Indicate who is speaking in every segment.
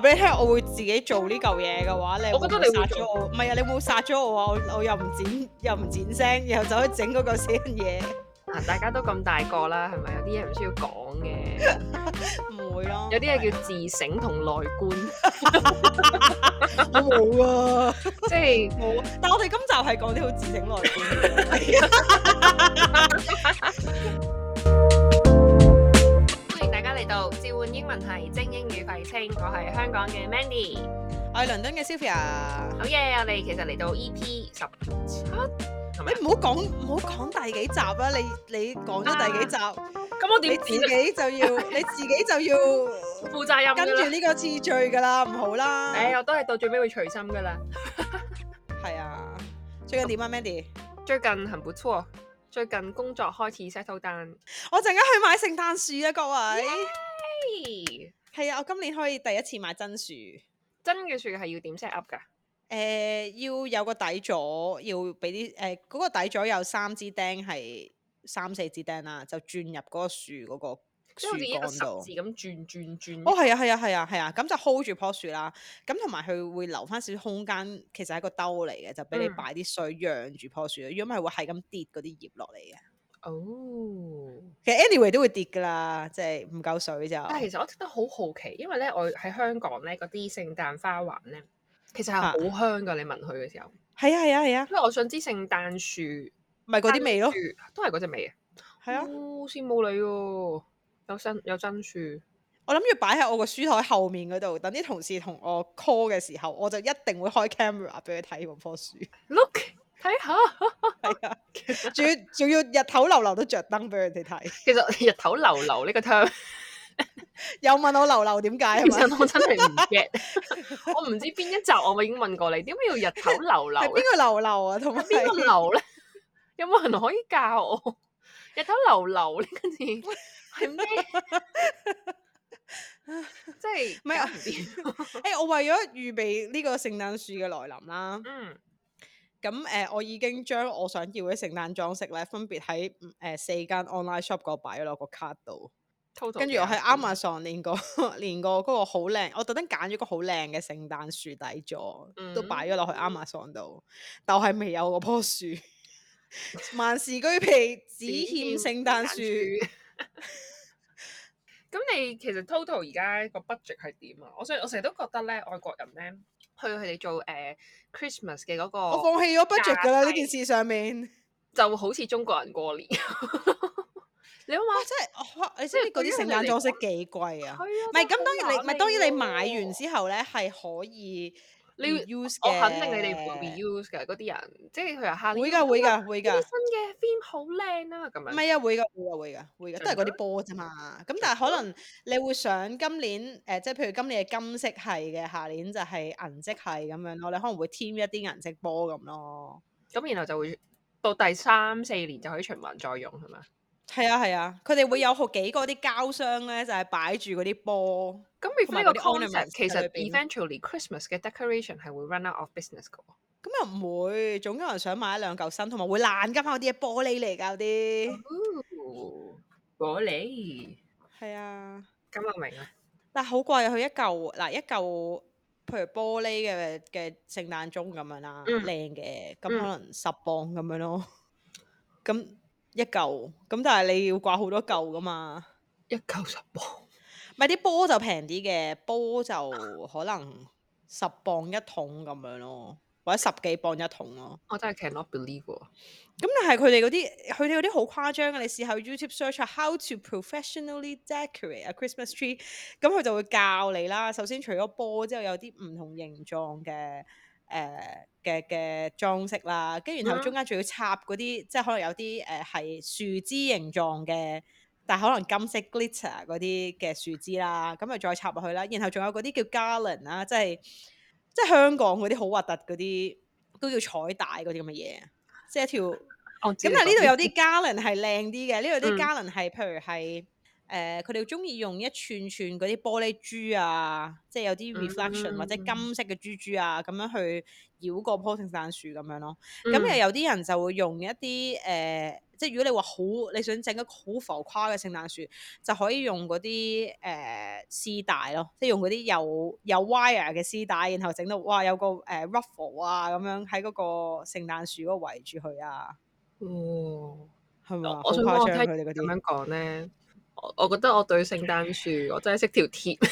Speaker 1: 俾你聽，我會自己做呢嚿嘢嘅話，我覺得你殺咗我？唔係啊，你冇殺咗我啊！我又唔剪，又唔剪聲，然後就可以
Speaker 2: 整嗰個死人嘢。啊！大家都咁大個啦，係咪？有啲嘢唔需要講嘅，
Speaker 1: 唔 會
Speaker 2: 咯了。有啲嘢的叫自省同內觀，我 冇 啊。
Speaker 1: 即係冇，但係我哋今集係講啲好自省內觀。
Speaker 2: 召喚英文係精英與廢青，我係香港嘅 Mandy，我係倫敦嘅 Sylvia。好嘢，我哋其實嚟到 EP 十七，你唔好講唔好講第幾集啦，你你講咗第幾集，咁我點你自己就要你自己就要負責任，跟住呢個次序噶啦，唔好啦。誒，我都係到最尾會隨心噶啦。係啊，最近點啊，Mandy？最近很不錯，最近工作開始 settle down。
Speaker 1: 我陣間去買聖誕樹啊，各位。係啊 Hey.，我今年可以第一次買真樹。真嘅樹係要點 set up 噶？誒、呃，要有個底座，要俾啲誒嗰個底座有三支釘係三四支釘啦，就轉入嗰個樹嗰、嗰個樹幹度。都係十
Speaker 2: 字咁轉轉轉。哦，係啊，係啊，
Speaker 1: 係啊，係啊，咁就 hold 住棵樹啦。咁同埋佢會留翻少少空間，其實係個兜嚟嘅，就俾你擺啲水養住、嗯、棵樹。如果唔係，會係咁跌嗰
Speaker 2: 啲葉落嚟嘅。
Speaker 1: 哦，其實、oh. anyway 都會跌噶啦，即係唔夠水
Speaker 2: 就。但係其實我覺得好好奇，因為咧我喺香港咧嗰啲聖誕花環咧，其實係好香噶。啊、你聞佢嘅時候，係啊係啊係啊。啊啊因為我想知聖誕樹咪嗰啲味咯，都係嗰隻味啊。係啊、哦，羨慕你喎，有真有真
Speaker 1: 樹。我諗住擺喺我個書台後面嗰度，等啲同事同我 call 嘅時候，我就一定會開 camera 俾佢睇嗰棵樹。Look。
Speaker 2: 睇下，係
Speaker 1: 啊！仲要仲要日頭流流都着燈俾人哋睇。
Speaker 2: 其實日頭流流呢個 term，
Speaker 1: 有問我流流點解？其實我真係唔 get，
Speaker 2: 我唔知邊一集我咪已經問過你，點解要日頭流流？係邊個流
Speaker 1: 流啊？同埋邊個流
Speaker 2: 咧？有冇人可以教我日頭流流呢？個字係咩？即係咩？係啊？誒，我為咗預備呢個聖
Speaker 1: 誕樹嘅來臨啦。嗯。咁誒、嗯，我已經將我想要嘅聖誕裝飾咧，分別喺誒四間 online shop 嗰擺咗落個卡度。Total 跟住我喺 Amazon 連個、嗯、 連個嗰個好靚，我特登揀咗個好靚嘅聖誕樹底座，都擺咗落去 Amazon 度。嗯、但係我係未有嗰棵樹。 萬
Speaker 2: 事俱備只欠聖誕樹。咁 生 你其實 total 而家個 budget 係點啊？我成我成日都覺得咧，外國人咧。去佢哋做誒、uh, Christmas 嘅嗰個，我放棄咗 budget 㗎啦！呢件事上面就好似中國人過年，
Speaker 1: 你話嘛？真係，你知唔知嗰啲聖誕裝飾幾貴啊？唔係咁當然你，唔係、嗯、當，當然你買完之後咧係、嗯、可以。
Speaker 2: 你 use 我肯定你哋會 reuse 嘅嗰啲
Speaker 1: 人，即係佢由下年會㗎會㗎會㗎，新
Speaker 2: 嘅 theme 好靚啦咁樣。咪啊
Speaker 1: 會㗎會啊會㗎，都係嗰啲波啫嘛。咁但係可能你會想今年誒，即、呃、係譬如今年嘅金色系嘅，下年就係銀色系咁樣咯。你可能會添一啲銀色波咁咯。咁然後就會到第三四年就可以循環再用係咪？係啊係啊，佢哋、啊、會有好幾個啲膠箱咧，就係、是、擺住嗰啲波，同埋嗰啲 concept 其實 eventually Christmas 嘅 decoration 係會 run out of business 噶。咁又唔會，總有人想買一兩嚿新，同埋會爛㗎嘛，嗰啲嘢玻璃嚟㗎嗰啲。哦，玻璃。係啊，咁我明、
Speaker 2: 啊、啦。
Speaker 1: 但係好貴，佢一嚿嗱一嚿，譬如玻璃嘅嘅聖誕鐘咁樣啦、啊，靚嘅咁可能十磅咁樣咯。咁、 嗯一嚿咁，但係你要掛好多嚿㗎嘛？一嚿十磅，咪啲波就平啲嘅，波就可能十磅一桶咁樣咯，或者十幾磅一桶咯。我真係 cannot believe 喎！咁但係佢哋嗰啲，佢哋嗰啲好誇張嘅，你試下 YouTube search how to professionally decorate a Christmas tree，咁佢就會教你啦。首先除咗波之後，有啲唔同形狀嘅。誒嘅嘅裝飾啦，跟住然後中間仲要插嗰啲，uh huh. 即係可能有啲誒係樹枝形狀嘅，但係可能金色 glitter 嗰啲嘅樹枝啦，咁、嗯、啊再插落去啦，然後仲有嗰啲叫 garland 啦，即係即係香港嗰啲好核突嗰啲，都叫彩帶嗰啲咁嘅嘢，即係一條。哦 道。咁但係呢度有啲 garland 係靚啲嘅，呢度啲 garland 係譬如係。 誒，佢哋中意用一串串嗰啲玻璃珠啊，即係有啲 reflection、嗯、或者金色嘅珠珠啊，咁樣去繞個棵聖誕樹咁樣咯。咁、嗯、又有啲人就會用一啲誒、呃，即係如果你話好你想整一個好浮誇嘅聖誕樹，就可以用嗰啲誒絲帶咯，即係用嗰啲有有 wire 嘅絲帶，然後整到哇有個誒、呃、ruffle 啊咁樣喺嗰個聖誕樹嗰度圍住佢啊。哦、
Speaker 2: 嗯，係咪嗎我想我聽佢哋點樣講咧？我覺得我對聖誕樹，我真係識條鐵。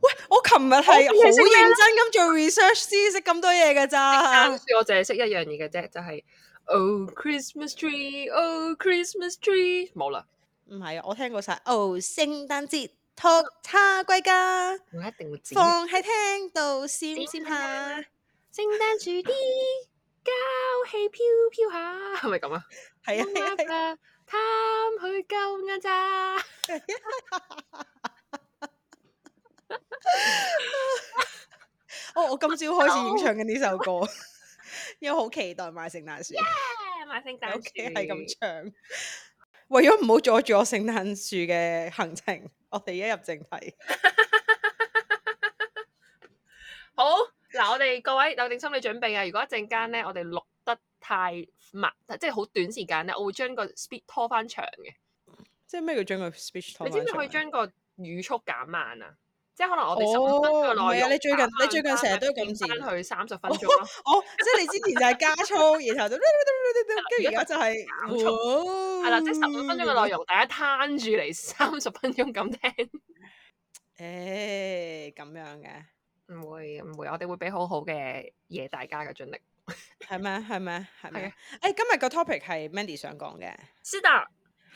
Speaker 2: 喂，我琴日係好認真咁做 research，知識咁多嘢嘅咋。聖誕樹我淨係識一樣嘢嘅啫，就係、是、Oh Christmas Tree，Oh Christmas Tree。冇啦，唔係啊，我聽過晒：「哦，h、
Speaker 1: oh，聖誕節，托叉歸家，
Speaker 2: 我一定會放
Speaker 1: 喺廳度
Speaker 2: 閃閃下，聖誕樹啲膠氣飄飄下，係咪咁啊？係啊 的。 參去救㗎咋？
Speaker 1: 我我今朝開始演唱緊呢首歌，因為好期待買聖誕樹。
Speaker 2: 買聖誕樹係咁唱，
Speaker 1: 為咗唔好阻住我聖誕樹嘅行程，我哋一入正題。
Speaker 2: 好，嗱，我哋各位有定心理準備啊！如果一陣間咧，我哋錄。太慢，即係好短時間咧，我會將個 speed 拖翻長嘅。
Speaker 1: 即係咩叫將個 speed 拖？你知唔知可以將
Speaker 2: 個語速減慢啊？即係可能我哋十五分鐘嘅內容，你最近你最近成日都咁字，翻去三十分鐘。哦，即係你之前就係加速，然後就跟住而家就係減速。係啦，即係十五分鐘嘅內容，大家攤住嚟三十分鐘咁聽。誒，咁樣嘅，唔會唔會，我哋會俾好好嘅嘢大家嘅，盡力。係咩？係咩？ 係咩？誒、 欸，今
Speaker 1: 日個 topic 係 Mandy 想講嘅，是的，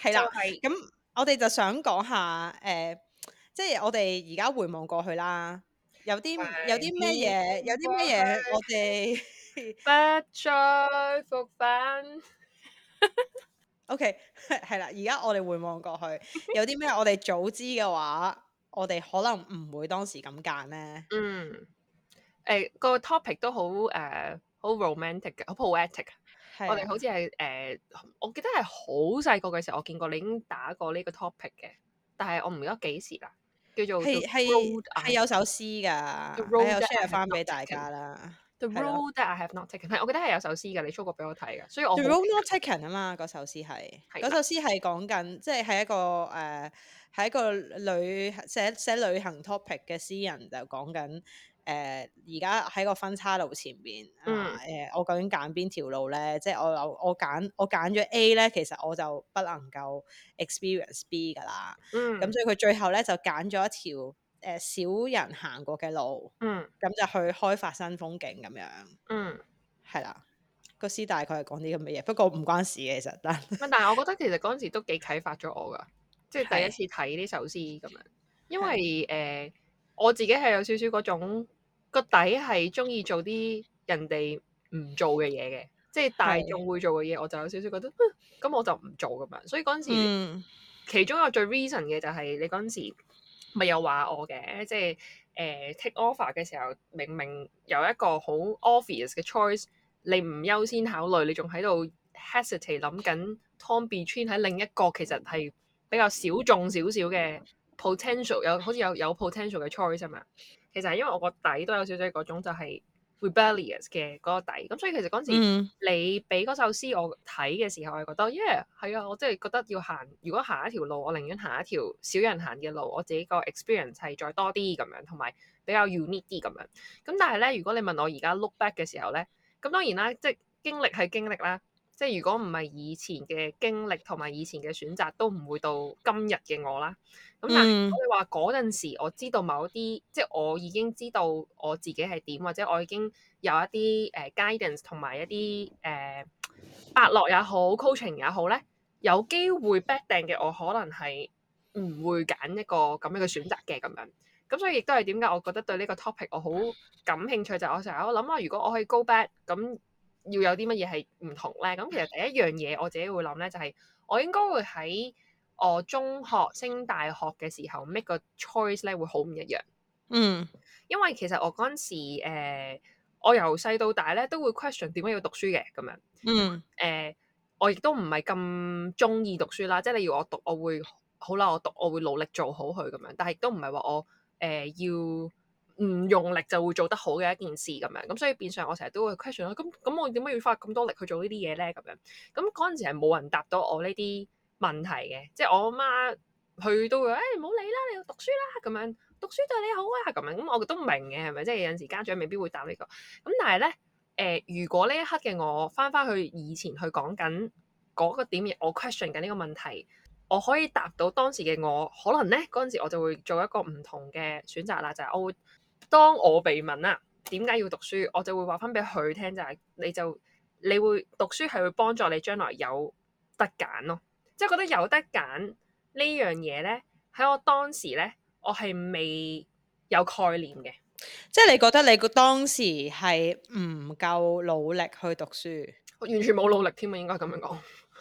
Speaker 1: 係、就、啦、是，咁 我哋就想講下誒，即、欸、係、就是、我哋而家回望過去啦，有啲的有啲咩嘢，的有啲咩嘢，的我哋不再復返。OK 係啦，而家我哋回望過去，有啲咩我哋
Speaker 2: 早知嘅話，我哋可能唔會當時咁揀咧。嗯，誒、欸那個 topic 都好誒。Rom 啊、好 romantic 嘅，好 poetic。我哋好似係誒，我記得係好細個嘅時候，我見過你已經打過呢個 topic 嘅，但係我唔記得幾時啦。叫做係係係有首詩㗎，係 The road 有 share 翻俾大家啦。The road that I have not taken，啊、我記得係有首詩㗎，你出過俾我睇㗎，所以我 The road
Speaker 1: not taken 啊嘛，嗰首詩係嗰首詩係講緊，即係係一個誒，係、uh, 一個旅寫寫，寫旅行 topic 嘅詩人就講緊。誒而家喺個分叉路前邊啊！誒、呃呃，我究竟揀邊條路咧？即係我有我揀，我揀咗 A 咧，其實我就不能夠 experience B 㗎喇。嗯，咁、嗯、所以佢最後咧就揀咗一條誒少、呃、人行過嘅路。嗯，咁就去開發新風景咁樣。嗯，係啦，個詩大概係講啲咁嘅嘢，不過唔關事嘅其實。但
Speaker 2: 係，但係我覺得其實嗰陣時都幾啟發咗我㗎，的即係第一次睇呢首詩咁樣。因為誒的、呃，我自己係有少少嗰種，種。個底係中意做啲人哋唔做嘅嘢嘅，即係大眾會做嘅嘢，的我就有少少覺得，咁我就唔做咁樣。所以嗰陣時，嗯、其中一個最 reason 嘅就係、是、你嗰陣時咪有話我嘅，即係誒、呃、take offer 嘅時候，明明有一個好 obvious 嘅 choice，你唔優先考慮，你仲喺度 hesitate 諗緊，torn between 喺另一個其實係比較小眾少少嘅。potential 有好似有有 potential 嘅 choice 啊嘛，其實係因為我個底都有少少嗰種就係 rebellious 嘅嗰個底咁，所以其實嗰陣時你俾嗰首詩我睇嘅時候，係覺得耶係啊，hmm. 我真係覺得要行。如果下一條路，我寧願行一條少人行嘅路，我自己個 experience 係再多啲咁樣，同埋比較 unique 啲咁樣，咁但係咧，如果你問我而家 look back 嘅時候咧，咁當然啦，即係經歷係經歷啦。即係如果唔係以前嘅經歷同埋以前嘅選擇，都唔會到今日嘅我啦。咁但係我話嗰陣時，我知道某啲，即係我已經知道我自己係點，或者我已經有一啲誒、uh, guidance 同埋一啲誒，伯樂也好 coaching 也好咧，有機會 back 定嘅，我可能係唔會揀一個咁樣嘅選擇嘅咁樣。咁所以亦都係點解我覺得對呢個 topic 我好感興趣，就係我成日我諗話，如果我可以 go back 咁。要有啲乜嘢係唔同咧？咁其實第一樣嘢我自己會諗咧，就係、是、我應該會喺我中學升大學嘅時候 make 個 choice 咧，會好唔一樣。嗯，因為其實我嗰陣時、呃、我由細到大咧都會 question 點解要讀書嘅咁樣。嗯，誒、呃，我亦都唔係咁中意讀書啦，即、就、係、是、你要我讀，我會好啦，我讀，我會努力做好佢咁樣。但係都唔係話我誒、呃、要。唔用力就會做得好嘅一件事咁樣，咁所以變相我成日都會 question 啦。咁咁我點解要花咁多力去做呢啲嘢咧？咁樣，咁嗰陣時係冇人答到我呢啲問題嘅，即係我媽佢都會誒冇理啦，你要讀書啦，咁樣讀書對你好啊咁樣。咁我都唔明嘅係咪？即係有陣時家長未必會答呢個。咁但係咧誒，如果呢一刻嘅我翻翻去以前去講緊嗰個點，我 question 緊呢個問題，我可以答到當時嘅我，可能咧嗰陣時我就會做一個唔同嘅選擇啦，就係我會。當我被問啦，點解要讀書，我就會話翻俾佢聽就係，你就你會讀書係會幫助你將來有得揀咯，即係覺得有得揀呢樣嘢咧，喺我當時咧，我係未有概念嘅，
Speaker 1: 即係你覺得你當時係唔夠努力去讀書，我完全冇努力添啊，應該
Speaker 2: 咁樣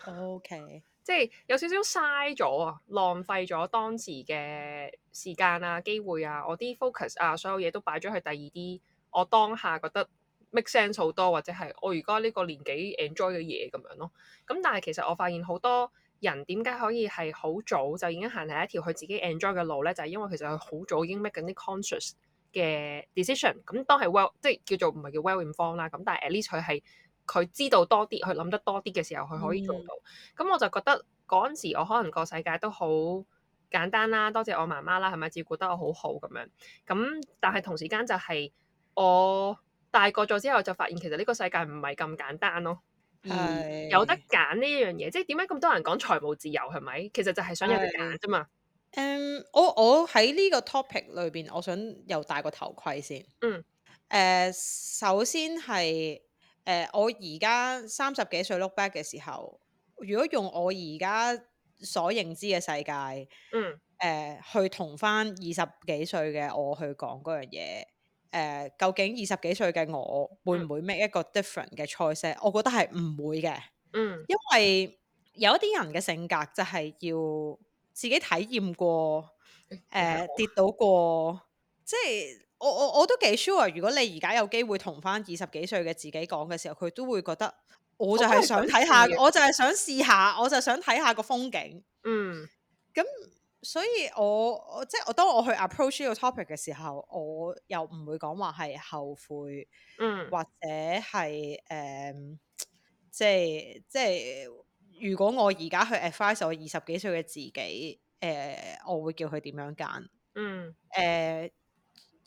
Speaker 2: 講。OK。即係有少少嘥咗啊，浪費咗當時嘅時間啊、機會啊、我啲 focus 啊，所有嘢都擺咗去第二啲，我當下覺得 make sense 好多，或者係我而家呢個年紀 enjoy 嘅嘢咁樣咯。咁、嗯、但係其實我發現好多人點解可以係好早就已經行喺一條佢自己 enjoy 嘅路咧，就係、因為其實佢好早已經 make 緊啲 conscious 嘅 decision、嗯。咁當係 well，即係叫做唔係叫 well-informed 啦。咁但係 at least 佢係。佢知道多啲，佢諗得多啲嘅時候，佢可以做到。咁、嗯、我就覺得嗰陣時，我可能個世界都好簡單啦。多謝我媽媽啦，係咪照顧得我好好咁樣？咁但係同時間就係、是、我大個咗之後，就發現其實呢個世界唔係咁簡單咯。是嗯、有得揀呢樣嘢，即係點解咁多人講財務自由係咪？其實就係想有得揀啫嘛。我我喺呢個 topic 裏邊，我想又戴個頭盔先。嗯。Uh,
Speaker 1: 首先係。誒、呃，我而家三十幾歲 look back 嘅時候，如果用我而家所認知嘅世界，嗯，誒、呃，去同翻二十幾歲嘅我去講嗰樣嘢，誒、呃，究竟二十幾歲嘅我會唔會 make 一個 different 嘅 choice？嗯、我覺得係唔會嘅，嗯，因為有一啲人嘅性格就係要自己體驗過，誒、嗯呃，跌倒過，即、就、係、是。我我我都幾 sure，如果你而家有機會同返二十幾歲嘅自己講嘅時候，佢都會覺得我就係想睇下，下，我就係想試下，我就想睇下個風景。
Speaker 2: 嗯。咁
Speaker 1: 所以我，我我即係我當我去 approach 呢個 topic 嘅時候，我又唔會講話係後悔，嗯，或者係誒、呃，即係即係，如果我而家去 advise 我二十幾歲嘅自己，誒、呃，我會叫佢點樣揀？嗯。誒、呃。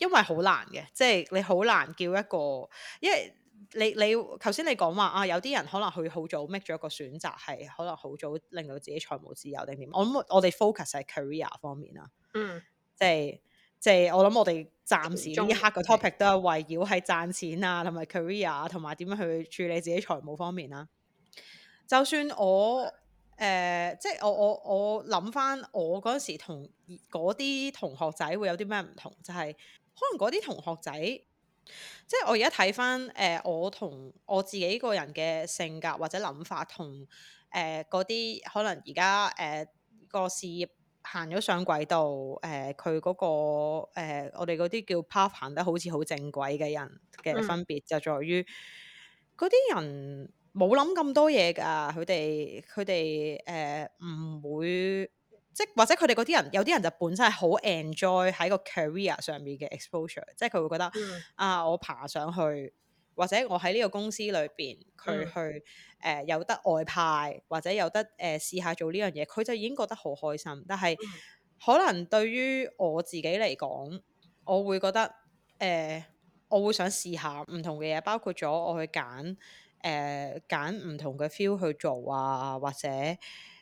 Speaker 1: 因為好難嘅，即係你好難叫一個，因為你你頭先你講話啊，有啲人可能佢好早 make 咗一個選擇，係可能好早令到自己財務自由定點。我諗我哋 focus 係 career 方面啊，嗯，即係即係我諗我哋暫時呢一刻嘅 topic 都係圍繞係賺錢啊，同埋 career 啊、同埋點樣去處理自己財務方面啦，啊。就算我誒，呃，即係我我我諗翻我嗰陣時同嗰啲同學仔會有啲咩唔同，就係、是。可能嗰啲同學仔，即係我而家睇翻誒，我同我自己個人嘅性格或者諗法同誒嗰啲可能而家誒個事業行咗上軌道誒，佢、呃、嗰、嗰個、呃、我哋嗰啲叫 path 行得好似好正軌嘅人嘅分別、嗯、就在於，嗰啲人冇諗咁多嘢㗎，佢哋佢哋誒唔會。即或者佢哋嗰啲人有啲人就本身係好 enjoy 喺個 career 上面嘅 exposure，即係佢會覺得、mm. 啊，我爬上去或者我喺呢個公司裏邊，佢去誒、mm. 呃、有得外派或者有得誒試下做呢樣嘢，佢就已經覺得好開心。但係、mm. 可能對於我自己嚟講，我會覺得誒、呃、我會想試下唔同嘅嘢，包括咗我去揀誒揀唔同嘅 feel 去做啊，或者。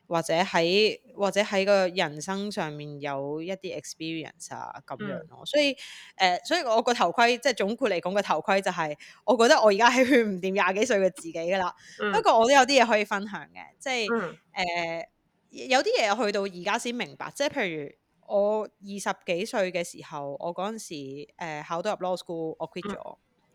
Speaker 1: 或者喺或者喺個人生上面有一啲 experience 啊咁樣咯，嗯、所以誒、呃，所以我個頭盔即係總括嚟講個頭盔就係、是，我覺得我而家係勸唔掂廿幾歲嘅自己噶啦。不過、嗯、我都有啲嘢可以分享嘅，即係誒、呃、有啲嘢去到而家先明白，即係譬如我二十幾歲嘅時候，我嗰陣時、呃、考到入 law school，我 quit 咗。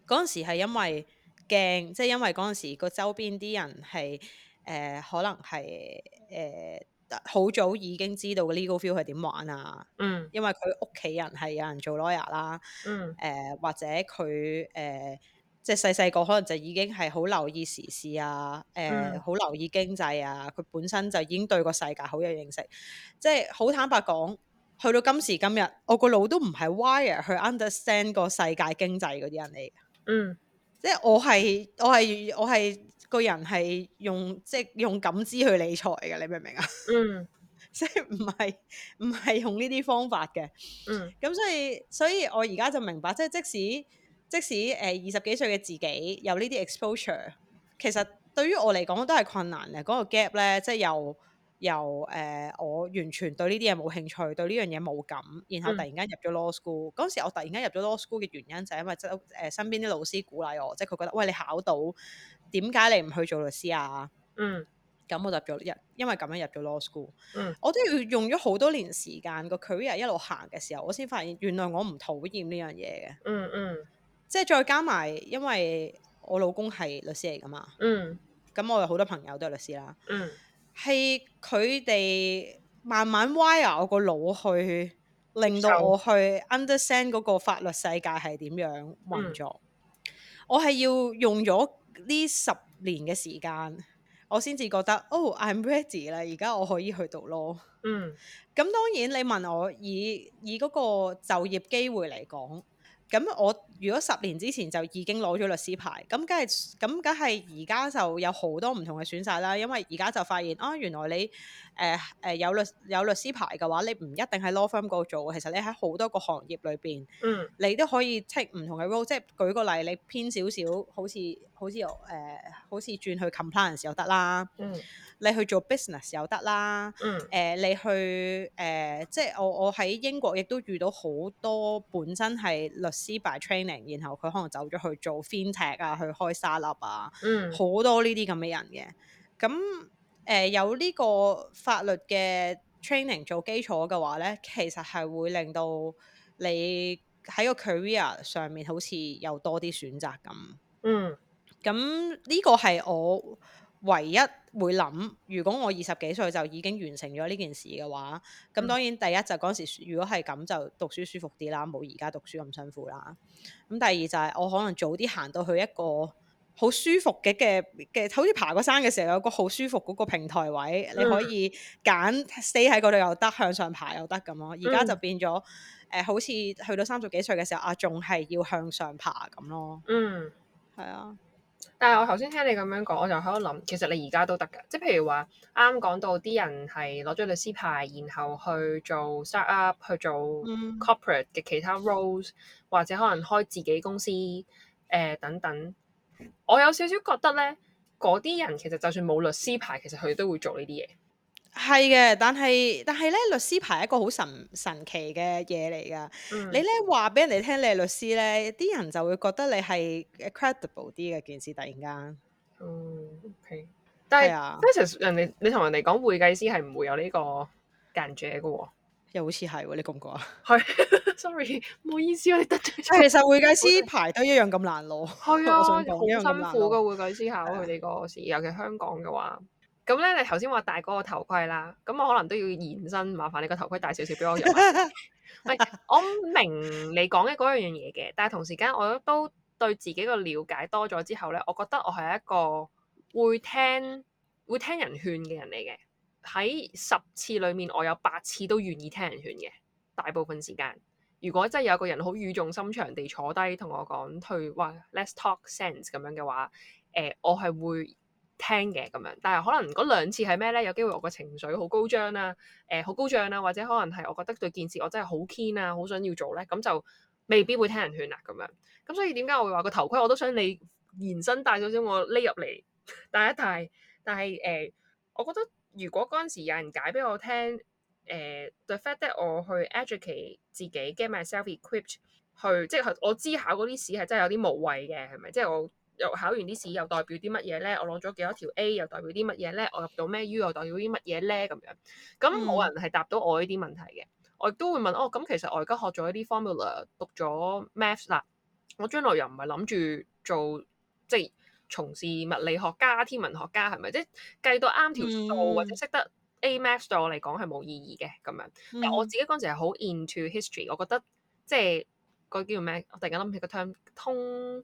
Speaker 1: 嗰陣、嗯、時係因為驚，即係因為嗰陣時個周邊啲人係。誒、呃、可能係誒好早已經知道 legal field 係點玩啊，嗯、因為佢屋企人係有人做 lawyer 啦、嗯呃，或者佢誒、呃、即係細細個可能就已經係好留意時事啊，誒、呃、好、嗯、留意經濟啊，佢本身就已經對個世界好有認識。即係好坦白講，去到今時今日，我個腦都唔係 wire 去 understand 個世界經濟嗰啲人嚟嘅，嗯，即係我係我係我係。我個人係用即係用感知去理財嘅，你明唔明啊？嗯，即係唔係唔係用呢啲方法嘅。嗯，咁所以所以我而家就明白，即係即使即使誒二十幾歲嘅自己有呢啲 exposure，其實對於我嚟講都係困難嘅。嗰個 gap 咧，即係由由誒，我完全對呢啲嘢冇興趣，對呢樣嘢冇感，然後突然間入咗 law school，嗯。嗰時我突然間入咗 law school 嘅原因就係因為周誒身邊啲老師鼓勵我，即係佢覺得喂，你考到。點解你唔去做律師啊？嗯，咁我就入，因因為咁樣入咗 law school，嗯。我都要用咗好多年時間，個 career 一路行嘅時候，我先發現原來我唔討厭呢樣嘢嘅。嗯嗯，即係再加埋，因為我老公係律師嚟噶嘛。嗯，咁我有好多朋友都係律師啦。嗯，係佢哋慢慢 wire 我個腦去，令到我去 understand 嗰個法律世界係點樣運作。嗯嗯嗯嗯，我係要用咗呢十年嘅時間，我先至覺得，哦，I'm ready 啦，而家我可以去讀咯。嗯，咁當然你問我以以嗰個就業機會嚟講。咁我如果十年之前就已經攞咗律師牌，咁梗係咁梗係而家就有好多唔同嘅選擇啦。因為而家就發現啊，原來你誒誒、呃呃、有律有律師牌嘅話，你唔一定喺 law firm 嗰度做，其實你喺好多個行業裏邊，嗯、你都可以 take 唔同嘅 role。即係舉個例，你偏少少，好似好似誒，好似轉、呃、去 compliance 又得啦。嗯你去做 business 又得啦，誒、嗯呃、你去誒、呃，即係我我喺英國亦都遇到好多本身係律師 by training，然後佢可能走咗去做 fintech 啊，去開 startup 啊，好、嗯、多呢啲咁嘅人嘅。咁、嗯、誒、呃、有呢個法律嘅 training 做基礎嘅話咧，其實係會令到你喺個 career 上面好似有多啲選擇咁。嗯，咁呢個係我。唯一會諗，如果我二十幾歲就已經完成咗呢件事嘅話，咁當然第一就嗰時如果係咁就讀書舒服啲啦，冇而家讀書咁辛苦啦。咁第二就係、是、我可能早啲行到去一個好舒服嘅嘅嘅，好似爬過山嘅時候有個好舒服嗰個平台位，mm. 你可以揀 stay 喺嗰度又得，向上爬又得咁咯。而家就變咗誒、mm. 呃，好似去到三十幾歲嘅時候啊，仲係要向上爬咁咯。嗯，
Speaker 2: 係啊。但係我頭先聽你咁樣講，我就喺度諗，其實你而家都得㗎，即係譬如話啱講到啲人係攞咗律師牌，然後去做 startup，去做 corporate 嘅其他 roles，或者可能開自己公司，誒、呃、等等。我有少少覺得咧，啲人其實就算冇律師牌，其實佢哋都會做呢啲嘢。
Speaker 1: 係嘅，但係但係咧，律師牌係一個好神神奇嘅嘢嚟噶。你咧話俾人哋聽你係律師咧，啲人就會覺得你係 credible 啲嘅件事。突然間，嗯，
Speaker 2: 但係 OK，都係啊，即係人哋你同人哋講會計師係唔會有呢個感覺嘅喎，又好似係喎，你覺唔覺啊？係 ，sorry，唔好意思，我哋得罪咗。 其實會計師牌都一樣咁難攞，係 啊，好辛苦嘅會計師考佢哋個 combined 時，尤其，尤其香港嘅話。咁咧，你頭先話戴嗰個頭盔啦，咁我可能都要延伸，麻煩你個頭盔大少少俾我用。係， 我明你講嘅嗰樣嘢嘅，但係同時間我都對自己個了解多咗之後咧，我覺得我係一個會聽會聽人勸嘅人嚟嘅。喺十次裏面，我有八次都願意聽人勸嘅。大部分時間，如果真係有個人好語重心長地坐低同我講，佢話 Let's talk sense 咁樣嘅話，誒、呃，我係會，聽嘅咁樣，但係可能嗰兩次係咩咧？有機會我個情緒好高漲啦、啊，誒、呃、好高漲啦、啊，或者可能係我覺得對件事我真係好 keen 啊，好想要做咧，咁就未必會聽人勸啊咁樣。咁所以點解我會話、那個頭盔我都想你延伸帶咗少我匿入嚟，帶一帶。但係誒、呃，我覺得如果嗰陣時有人解俾我聽，誒、呃、the fact，that 我去 educate 自己，get myself equipped 去，即係我知考嗰啲試係真係有啲無謂嘅，係咪？即係我。又考完啲試又代表啲乜嘢咧？我攞咗幾多條 A 又代表啲乜嘢咧？我入到咩 U 又代表啲乜嘢咧？咁樣咁冇人係答到我呢啲問題嘅。嗯、我亦都會問哦，咁其實我而家學咗啲 formula，讀咗 maths，啦，我將來又唔係諗住做即係從事物理學家、天文學家，係咪？即係計到啱條數、嗯、或者識得 A maths 對我嚟講係冇意義嘅咁樣。但我自己嗰陣時係好 into history，我覺得即係嗰叫咩？我突然間諗起個 term 通。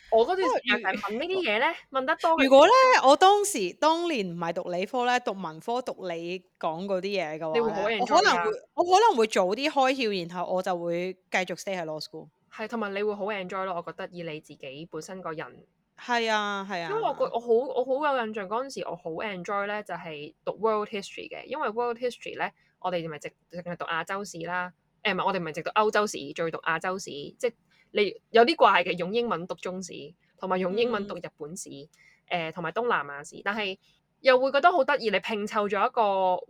Speaker 2: 我嗰時係問呢啲嘢咧，問得多。如果咧，我
Speaker 1: 當時當年唔係讀理科咧，讀文科讀講你講嗰啲嘢嘅話咧，我可能會早啲開竅，然後我就會繼續 stay 喺 law school。
Speaker 2: 係，同埋你會好 enjoy 咯，我覺得以你自己本身個人，係啊係啊。啊因為我個我好我好有印象嗰陣時，我好 enjoy 咧，就係讀 world history 嘅，因為 world history 咧，我哋咪直淨係讀亞洲史啦，誒唔係我哋咪直讀歐洲史，再讀亞洲史，即你有啲怪嘅，用英文讀中史，同埋用英文讀日本史，誒同埋東南亞史，但係又會覺得好得意，你拼湊咗一個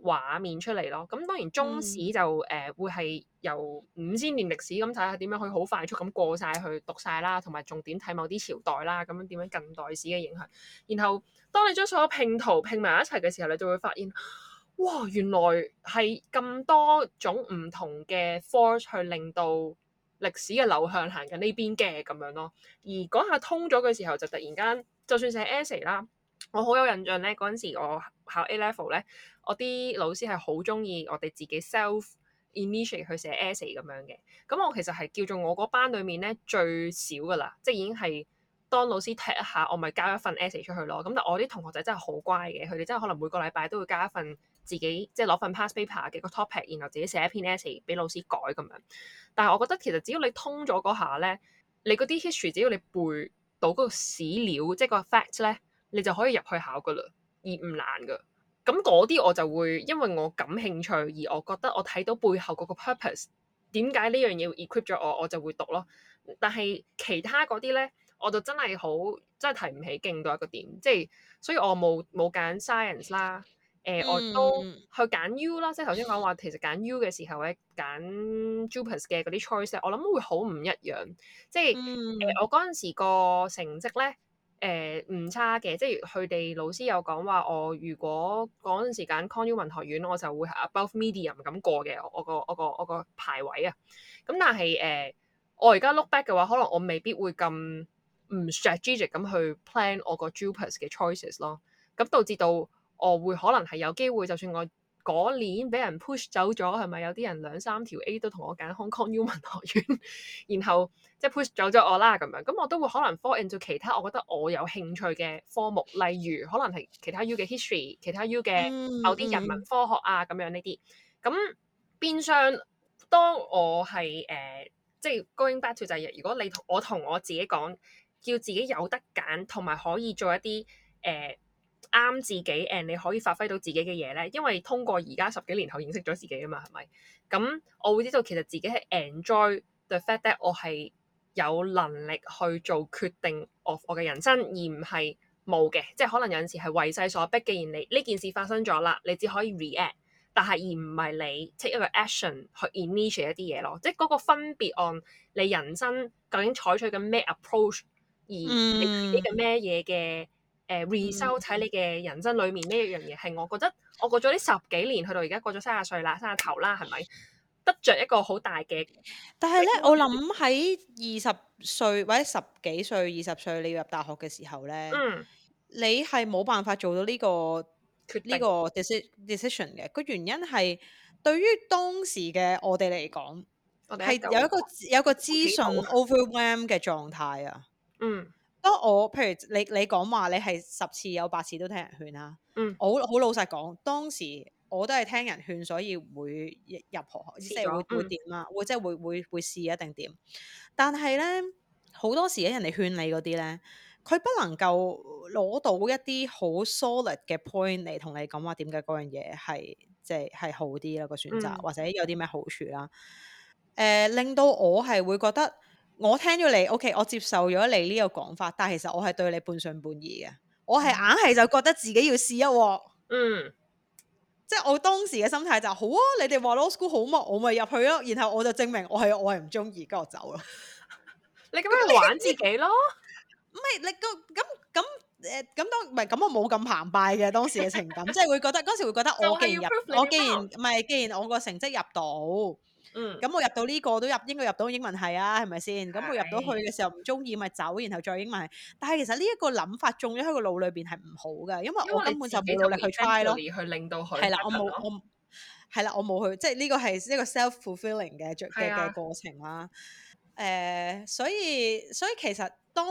Speaker 2: 畫面出嚟咯。咁當然中史就誒、嗯呃、會係由五千年歷史咁睇下點樣，去好快速咁過晒，去讀晒啦，同埋重點睇某啲朝代啦，咁樣點樣近代史嘅影響。然後當你將所有拼圖拼埋一齊嘅時候，你就會發現，哇，原來係咁多種唔同嘅科去令到。歷史嘅流向行緊呢邊嘅咁樣咯，而嗰下通咗嘅時候就突然間，就算寫 essay 啦，我好有印象咧，嗰陣時我考 A level 咧，我啲老師係好中意我哋自己 self-initiate 去寫 essay 咁樣嘅。咁我其實係叫做我嗰班裡面咧最少噶啦，即係已經係當老師踢一下，我咪交一份 essay 出去咯。咁但我啲同學仔真係好乖嘅，佢哋真係可能每個禮拜都會交一份，自己即係攞份 past paper 嘅個 topic，然後自己寫一篇 essay 俾老師改咁樣。但係我覺得其實只要你通咗嗰下咧，你嗰啲 history 只要你背到嗰個史料，即係個 fact 咧，你就可以入去考噶啦，而唔難噶。咁嗰啲我就會因為我感興趣而我覺得我睇到背後嗰個 purpose，點解呢樣嘢 equip 咗我，我就會讀咯。但係其他嗰啲咧，我就真係好真係提唔起勁到一個點，即係所以我冇冇揀 science 啦。誒、呃，我都去揀 U 啦，即係頭先講話，其實揀 U 嘅時候咧，揀 Jupas 嘅嗰啲 choice，我諗會好唔一樣。即係、嗯呃、我嗰陣時個成績咧，誒、呃、唔差嘅，即係佢哋老師有講話，我如果嗰陣時揀 ConU、um、文學院，我就會係 above medium 咁過嘅。我個我個我個排位啊，咁但係誒、呃，我而家 look back 嘅話，可能我未必會咁唔 strategic 咁去 plan 我個 Jupas 嘅 choices 咯，咁導致到。我會可能係有機會，就算我嗰年俾人 push 走咗，係咪有啲人兩三條 A 都同我揀 Hong Kong U 文學院，然後即係、就是、push 走咗我啦咁樣，咁我都會可能 fall into 其他我覺得我有興趣嘅科目，例如可能係其他 U 嘅 history，其他 U 嘅某啲人文科學啊咁樣呢啲。咁變相當我係誒，即、uh，係 going back to 就係如果你同我同我自己講，叫自己有得揀，同埋可以做一啲誒。Uh，啱自己，and 你可以發揮到自己嘅嘢咧，因為通過而家十幾年後認識咗自己啊嘛，係咪？咁我會知道其實自己係 enjoy the fact that 我係有能力去做決定我我嘅人生，而唔係冇嘅，即係可能有陣時係為勢所逼。既然你呢件事發生咗啦，你只可以 react，但係而唔係你 take 一個 action 去 initiate 一啲嘢咯，即係嗰個分別 on 你人生究竟採取緊咩 approach，而你自己嘅咩嘢嘅？嗯誒 rethink 喺你嘅人生裏面，呢一、嗯、樣嘢係我覺得，我過咗呢十幾年，去到而家過咗三十歲啦，三十頭啦，係咪得着一個好大嘅？但係呢，我諗喺二十
Speaker 1: 歲或者十幾歲、二十歲你要入大學嘅時候呢，嗯、你係冇辦法做到呢、呢個、嗯、個決呢定個 decision 嘅個原因係對於當時嘅我哋嚟講，我係有一個有一個資訊 overwhelm 嘅狀態啊，嗯。當我譬如你你講話，你係十次有八次都聽人勸啦、嗯。我好老實講，當時我都係聽人勸，所以會入學，即係會會點啦，會即係會會會試一定點。但係咧，好多時咧人哋勸你嗰啲咧，佢不能夠攞到一啲 sol、就是、好 solid 嘅 point 嚟同你講話點解嗰樣嘢係即係係好啲啦個選擇，嗯、或者有啲咩好處啦。誒、呃，令到我係會覺得。我聽咗你 OK，我接受咗你呢個講法，但係其實我係對你半信半疑嘅。我係硬係就覺得自己要試一鑊，嗯，即係我當時嘅心態就係、好啊！你哋話老 school 好嘛，我咪入去咯。然後我就證明我係我係唔中意，跟我走咯。
Speaker 2: 你咁樣玩自己咯？唔係 你咁
Speaker 1: 咁咁誒？咁、呃、當唔係咁我冇咁澎湃嘅當時嘅情感， 即係會覺得當時會覺得我既然入，我，我既然唔係既然我個成績入到。嗯，咁我入到呢、這個都入，應該入到英文系啊，係咪先？咁是我入到去嘅時候唔中意，咪、就是、走，然後再英文系。但係其實呢一個諗法種咗喺個腦裏邊係唔好嘅，因為我根本就冇努力去 try 咯。去,咯去
Speaker 2: 令到佢係啦，我冇我
Speaker 1: 係啦，我冇去，即係呢個係一個 self-fulfilling 嘅嘅嘅過程啦、啊。誒的，uh, 所以所以其實當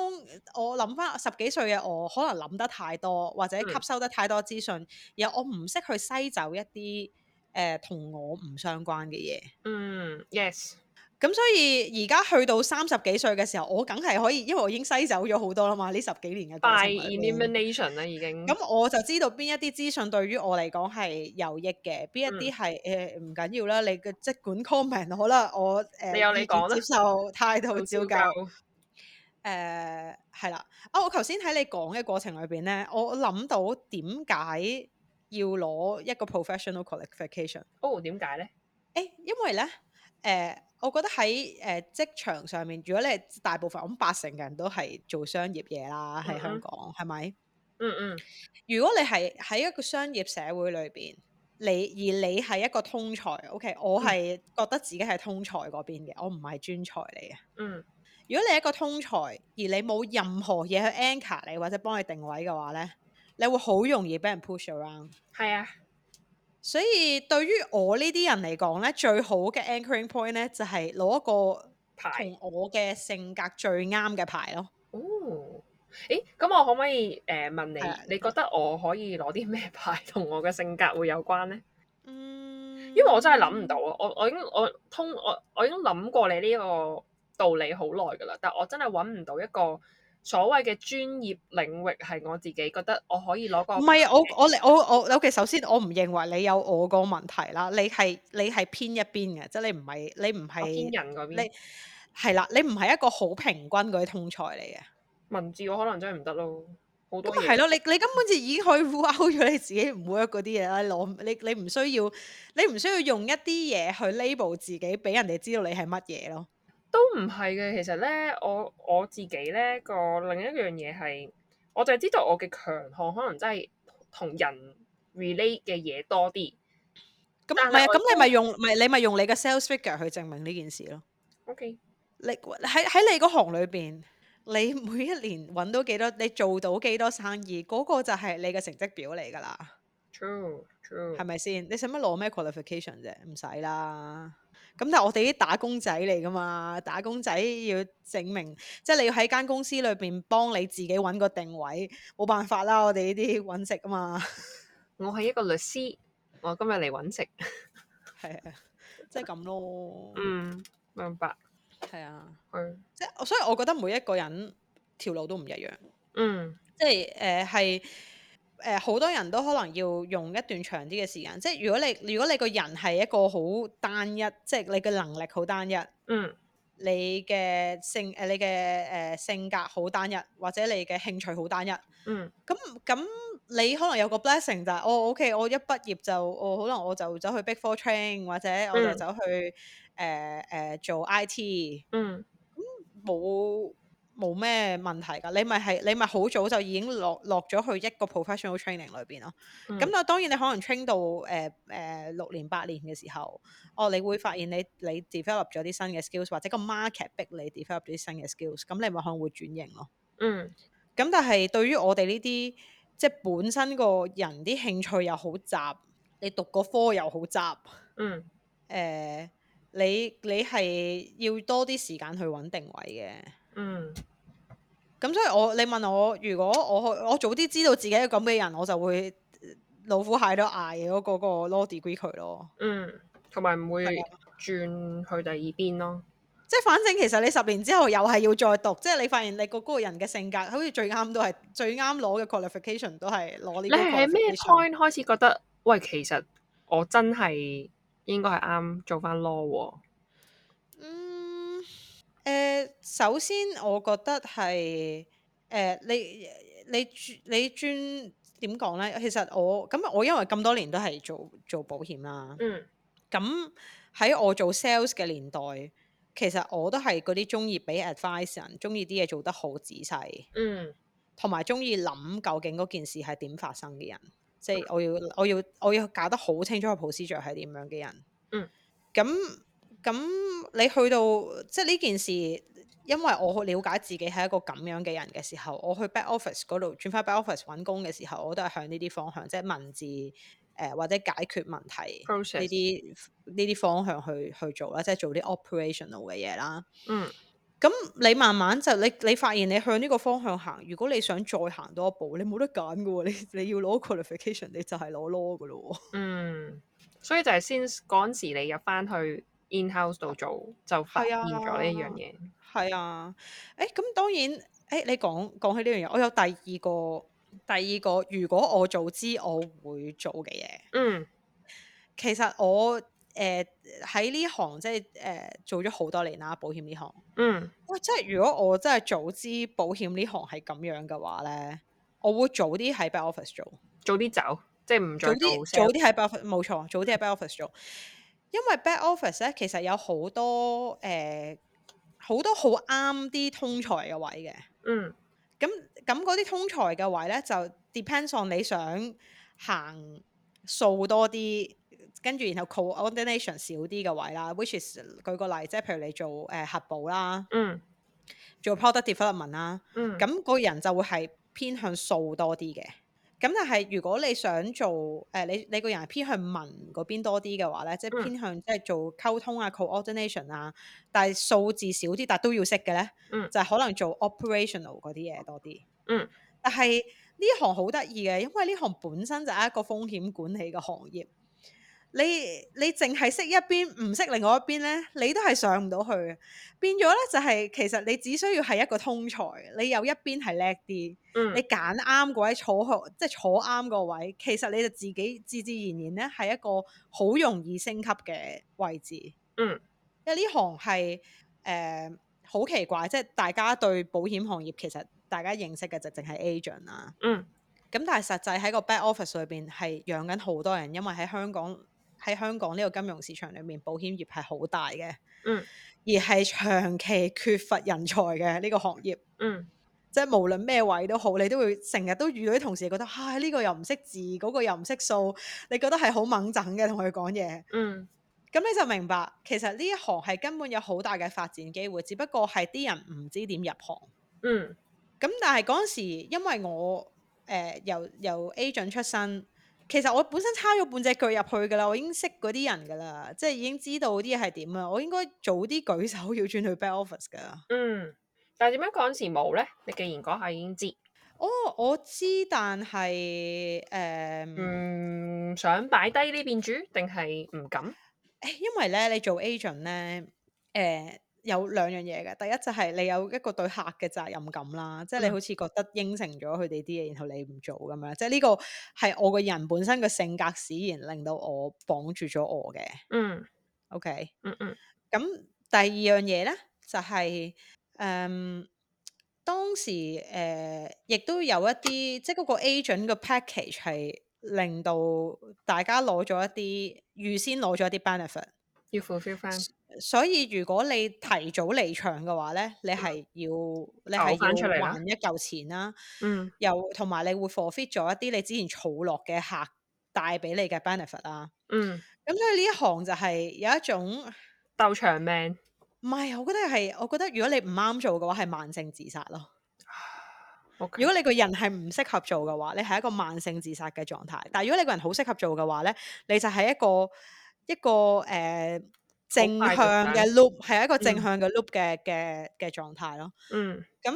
Speaker 1: 我諗翻十幾歲嘅我，可能諗得太多，或者吸收得太多資訊，嗯、而我唔識去篩走一啲。誒同、呃、我唔相關嘅嘢，嗯，yes。咁所以而家去到三十幾歲嘅時候，我梗係可以，因為我已經篩走咗好多啦嘛。呢十幾年嘅，by elimination
Speaker 2: 啦，已經。咁、嗯
Speaker 1: 嗯、我就知道邊一啲資訊對於我嚟講係有益嘅，邊一啲、呃、係誒唔緊要啦。你嘅即管 comment 好啦，我誒，呃、你有你講啦，接受態度照舊。誒，係啦、呃。啊、哦，我頭先喺你講嘅過程裏邊咧，我諗到點解？要攞一個 professional qualification。哦，點解呢、欸？因為呢，誒、呃，我覺得喺誒、呃、職場上面，如果你大部分，我諗八成嘅人都係做商業嘢啦，喺、mm hmm. 香港係咪？嗯嗯。Mm hmm. 如果你係喺一個商業社會裏邊，你而你係一個通才，OK，我係覺得自己係通才嗰邊嘅，mm hmm. 我唔係專才嚟嘅。嗯、mm。Hmm. 如果你係一個通才，而你冇任何嘢去 anchor 你或者幫你定位嘅話呢。你會好容易俾人 push around。係啊，所以對於我呢啲人嚟講咧，最好嘅 anchoring point 咧就係攞一個牌，同我嘅性格最啱嘅牌咯。
Speaker 2: 排哦，誒，咁我可唔可以誒、呃、問你？啊、你覺得我可以攞啲咩牌同我嘅性格會有關咧？嗯，因為我真係諗唔到啊！我我已經我通我我已經諗過你呢個道理好耐㗎啦，但我真係揾唔到一個。所謂嘅專業領域係我自己覺得我可以攞個，唔係我我我
Speaker 1: 我、OK，首先我唔認為你有我個問題啦。你係你係偏一邊嘅，即係你唔係你唔係偏人嗰邊，你係啦，你唔係一個好平均嗰啲通才嚟嘅
Speaker 2: 文字，我可能真係唔得咯。咁咪係咯，你你根本就已
Speaker 1: 經可以 rule out 咗你自己唔 work 嗰啲嘢啦。攞你你唔需要，你唔需要用一啲嘢去 label 自己，俾人哋知道你係乜嘢咯。
Speaker 2: 都唔係嘅，其實咧，我我自己咧，個另一樣嘢係，我就係知道我嘅強項可能真係同人 relate 嘅嘢多啲。咁唔係啊？咁你咪用咪你咪用
Speaker 1: 你嘅 sales figure 去證明呢件事咯。OK，你喺喺你嗰行裏邊，你每一年揾到幾多，你做到幾多生意，嗰個就係你嘅成績表嚟㗎啦。True，true，係咪先？你使乜攞咩 qualification 啫？唔使啦。咁但係我哋啲打工仔嚟㗎嘛，打工仔要證明，即係你要喺間公司裏邊幫你自己揾個定位，冇辦法啦。我哋呢啲揾食
Speaker 2: 啊嘛。 我係一個律師，我今日嚟揾食。
Speaker 1: 係 啊，即係咁咯。嗯，
Speaker 2: 明白。係啊，嗯，即係，所以我覺
Speaker 1: 得每一個人條路都唔一樣。
Speaker 2: 嗯，
Speaker 1: 即係誒係。呃誒好、呃、多人都可能要用一段長啲嘅時間，即係如果你如果你個人係一個好單一，即係你嘅能力好單一，嗯，你嘅性誒、呃、你嘅誒、呃、性格好單一，或者你嘅興趣好單一，嗯，咁咁你可能有個 blessing 就係、是、哦，OK，我一畢業就我、哦、可能我就走去 big four train，或者我就走去誒誒做 I T，嗯，冇、呃。呃冇咩問題㗎，你咪係你咪好早就已經落落咗去一個 professional training 裏邊咯。咁但係當然你可能 train 到誒誒六年八年嘅時候，哦，你會發現你你 develop 咗啲新嘅 skills，或者個 market 逼你 develop 啲新嘅 skills，咁你咪可能會轉型咯。嗯。咁但係對於我哋呢啲即係本身個人啲興趣又好雜，你讀個科又好雜。嗯。誒、呃，你你係要多啲時間去揾定位嘅。嗯。咁所以我你問我，如果我我早啲知道自己係咁嘅人，我就會老虎蟹都捱咗嗰個 law degree 佢咯。嗯，同埋唔會轉去第二邊咯。即係反正其實你十年之後又係要再讀，即係你發現你個嗰個人嘅性格，好似最啱都係最啱攞嘅 qualification 都係攞呢啲。你係咩
Speaker 2: point 開始覺得，喂，其實我真係應該係啱做翻 law 喎。
Speaker 1: 誒、呃，首先我覺得係誒、呃，你你，你轉你轉點講咧？其實我咁我因為咁多年都係做做保險啦。
Speaker 2: 嗯。
Speaker 1: 咁喺我做 sales 嘅年代，其實我都係嗰啲中意俾 advisor 人，中意啲嘢做得好仔細。
Speaker 2: 嗯。
Speaker 1: 同埋中意諗究竟嗰件事係點發生嘅人，嗯、即係我要我要我要搞得好清楚個 procedure 係點樣嘅人。嗯。咁。咁你去到即係呢件事，因為我了解自己係一個咁樣嘅人嘅時候，我去 back office 嗰度轉翻 back office 搵工嘅時候，我都係向呢啲方向，即係文字誒、呃、或者解決問題呢啲呢啲方向去去做，做啦，即係做啲 operational 嘅嘢啦。嗯。咁你慢慢就你你發現你向呢個方向行，如果你想再行多一步，你冇得揀嘅喎，你你要攞
Speaker 2: qualification，你就係攞攞噶咯。嗯，所以就係先嗰陣時你入翻去，in-house 度做就發現咗呢一樣嘢。係啊，誒
Speaker 1: 咁、啊欸、當然，誒、欸、你講講起呢樣嘢，我有第二個第二個，如果我早知我會做嘅嘢。嗯，其實我誒喺呢行即係誒做咗好多年啦，保險呢行。嗯，哇！即係如果我真係早知保險呢行係咁樣嘅話咧，我會早啲喺 back office 做，
Speaker 2: 早啲走，即係唔早啲點早啲喺
Speaker 1: back office 冇錯，早啲喺 back office 做。因為 back office 咧，其實有好多誒，好、呃、多好啱啲通才嘅位嘅。嗯。咁咁嗰啲通才嘅位咧，就 depends on 你想行數多啲，跟住然後 coordination 少啲嘅位啦。嗯、Which is 舉個例子，即係譬如你做誒、呃、核保啦，嗯，做 product development 啦，嗯，咁個人就會係偏向數多啲嘅。咁但係如果你想做誒、呃、你你個人係偏向文嗰邊多啲嘅話咧，嗯、即係偏向即係、就係、做溝通啊、coordination 啊，但係數字少啲，但都要識嘅咧，嗯、就係可能做 operational 嗰啲嘢多啲。嗯、但係呢行好得意嘅，因為呢行本身就係一個風險管理嘅行業。你你淨係識一邊唔識另外一邊呢？你都係上唔到去。變咗呢，就係其實你只需要係一個通才，你有一邊係叻啲，嗯、你揀啱嗰位坐，即係坐啱個位，其實你就自己自自然然呢，係一個好容易升級嘅位置。
Speaker 2: 嗯、
Speaker 1: 因為呢行係誒好奇怪，即係大家對保險行業其實大家認識嘅就淨係 agent 啦。咁、嗯、但係實際喺個 back office 裏邊係養緊好多人，因為喺香港。喺香港呢個金融市場裏面，保險業係好大嘅，嗯、而係長期缺乏人才嘅呢、這個行業，
Speaker 2: 嗯、
Speaker 1: 即係無論咩位都好，你都會成日都遇到啲同事覺得，唉、哎、呢、這個又唔識字，嗰、那個又唔識數，你覺得係好掹憎嘅，同佢講嘢，嗯，咁你就明白其實呢一行係根本有好大嘅發展機會，只不過係啲人唔知點入行，嗯，咁但係嗰陣時，因為我誒、呃、由由、由 agent 出身。其實我本身插咗半隻腳入去㗎啦，我已經識嗰啲人㗎啦，即係已經知道啲嘢係點啊！我應該早啲舉手要轉去 back office 㗎啦。嗯，
Speaker 2: 但係點解嗰陣時冇咧？你既然嗰下已經知，哦，我知，但係誒，唔、呃嗯、想擺低呢邊住定係唔敢？誒，因為
Speaker 1: 咧，你做 agent 咧，誒、呃。有兩樣嘢嘅，第一就係你有一個對客嘅責任感啦，嗯、即係你好似覺得應承咗佢哋啲嘢，然後你唔做咁樣，即係呢個係我個人本身嘅性格使然，令到我綁住咗我嘅。
Speaker 2: 嗯
Speaker 1: ，OK，嗯嗯。咁第二樣嘢呢，就係、是、誒、嗯、當時誒亦、呃、都有一啲，即係嗰個 agent 嘅 package 係令到大家攞咗一啲預先攞咗一啲 benefit，要付 fee 所以如果你提早離場嘅話咧，你係要、嗯、你係返出嚟還一嚿錢啦、啊。嗯。又同埋你會 forfeit 咗一啲你之前儲落嘅客帶俾你嘅 benefit 啦、啊。嗯。咁所以呢一行就係有一種鬥長命。唔係，我覺得係，我覺得如果你唔啱做嘅話，係慢性自殺咯。Okay. 如果你個人係唔適合做嘅話，你係一個慢性自殺嘅狀態。但係如果你個人好適合做嘅話咧，你就係一個一個誒。正向嘅 loop 係、嗯、一個正向嘅 loop 嘅嘅嘅狀態咯。嗯，咁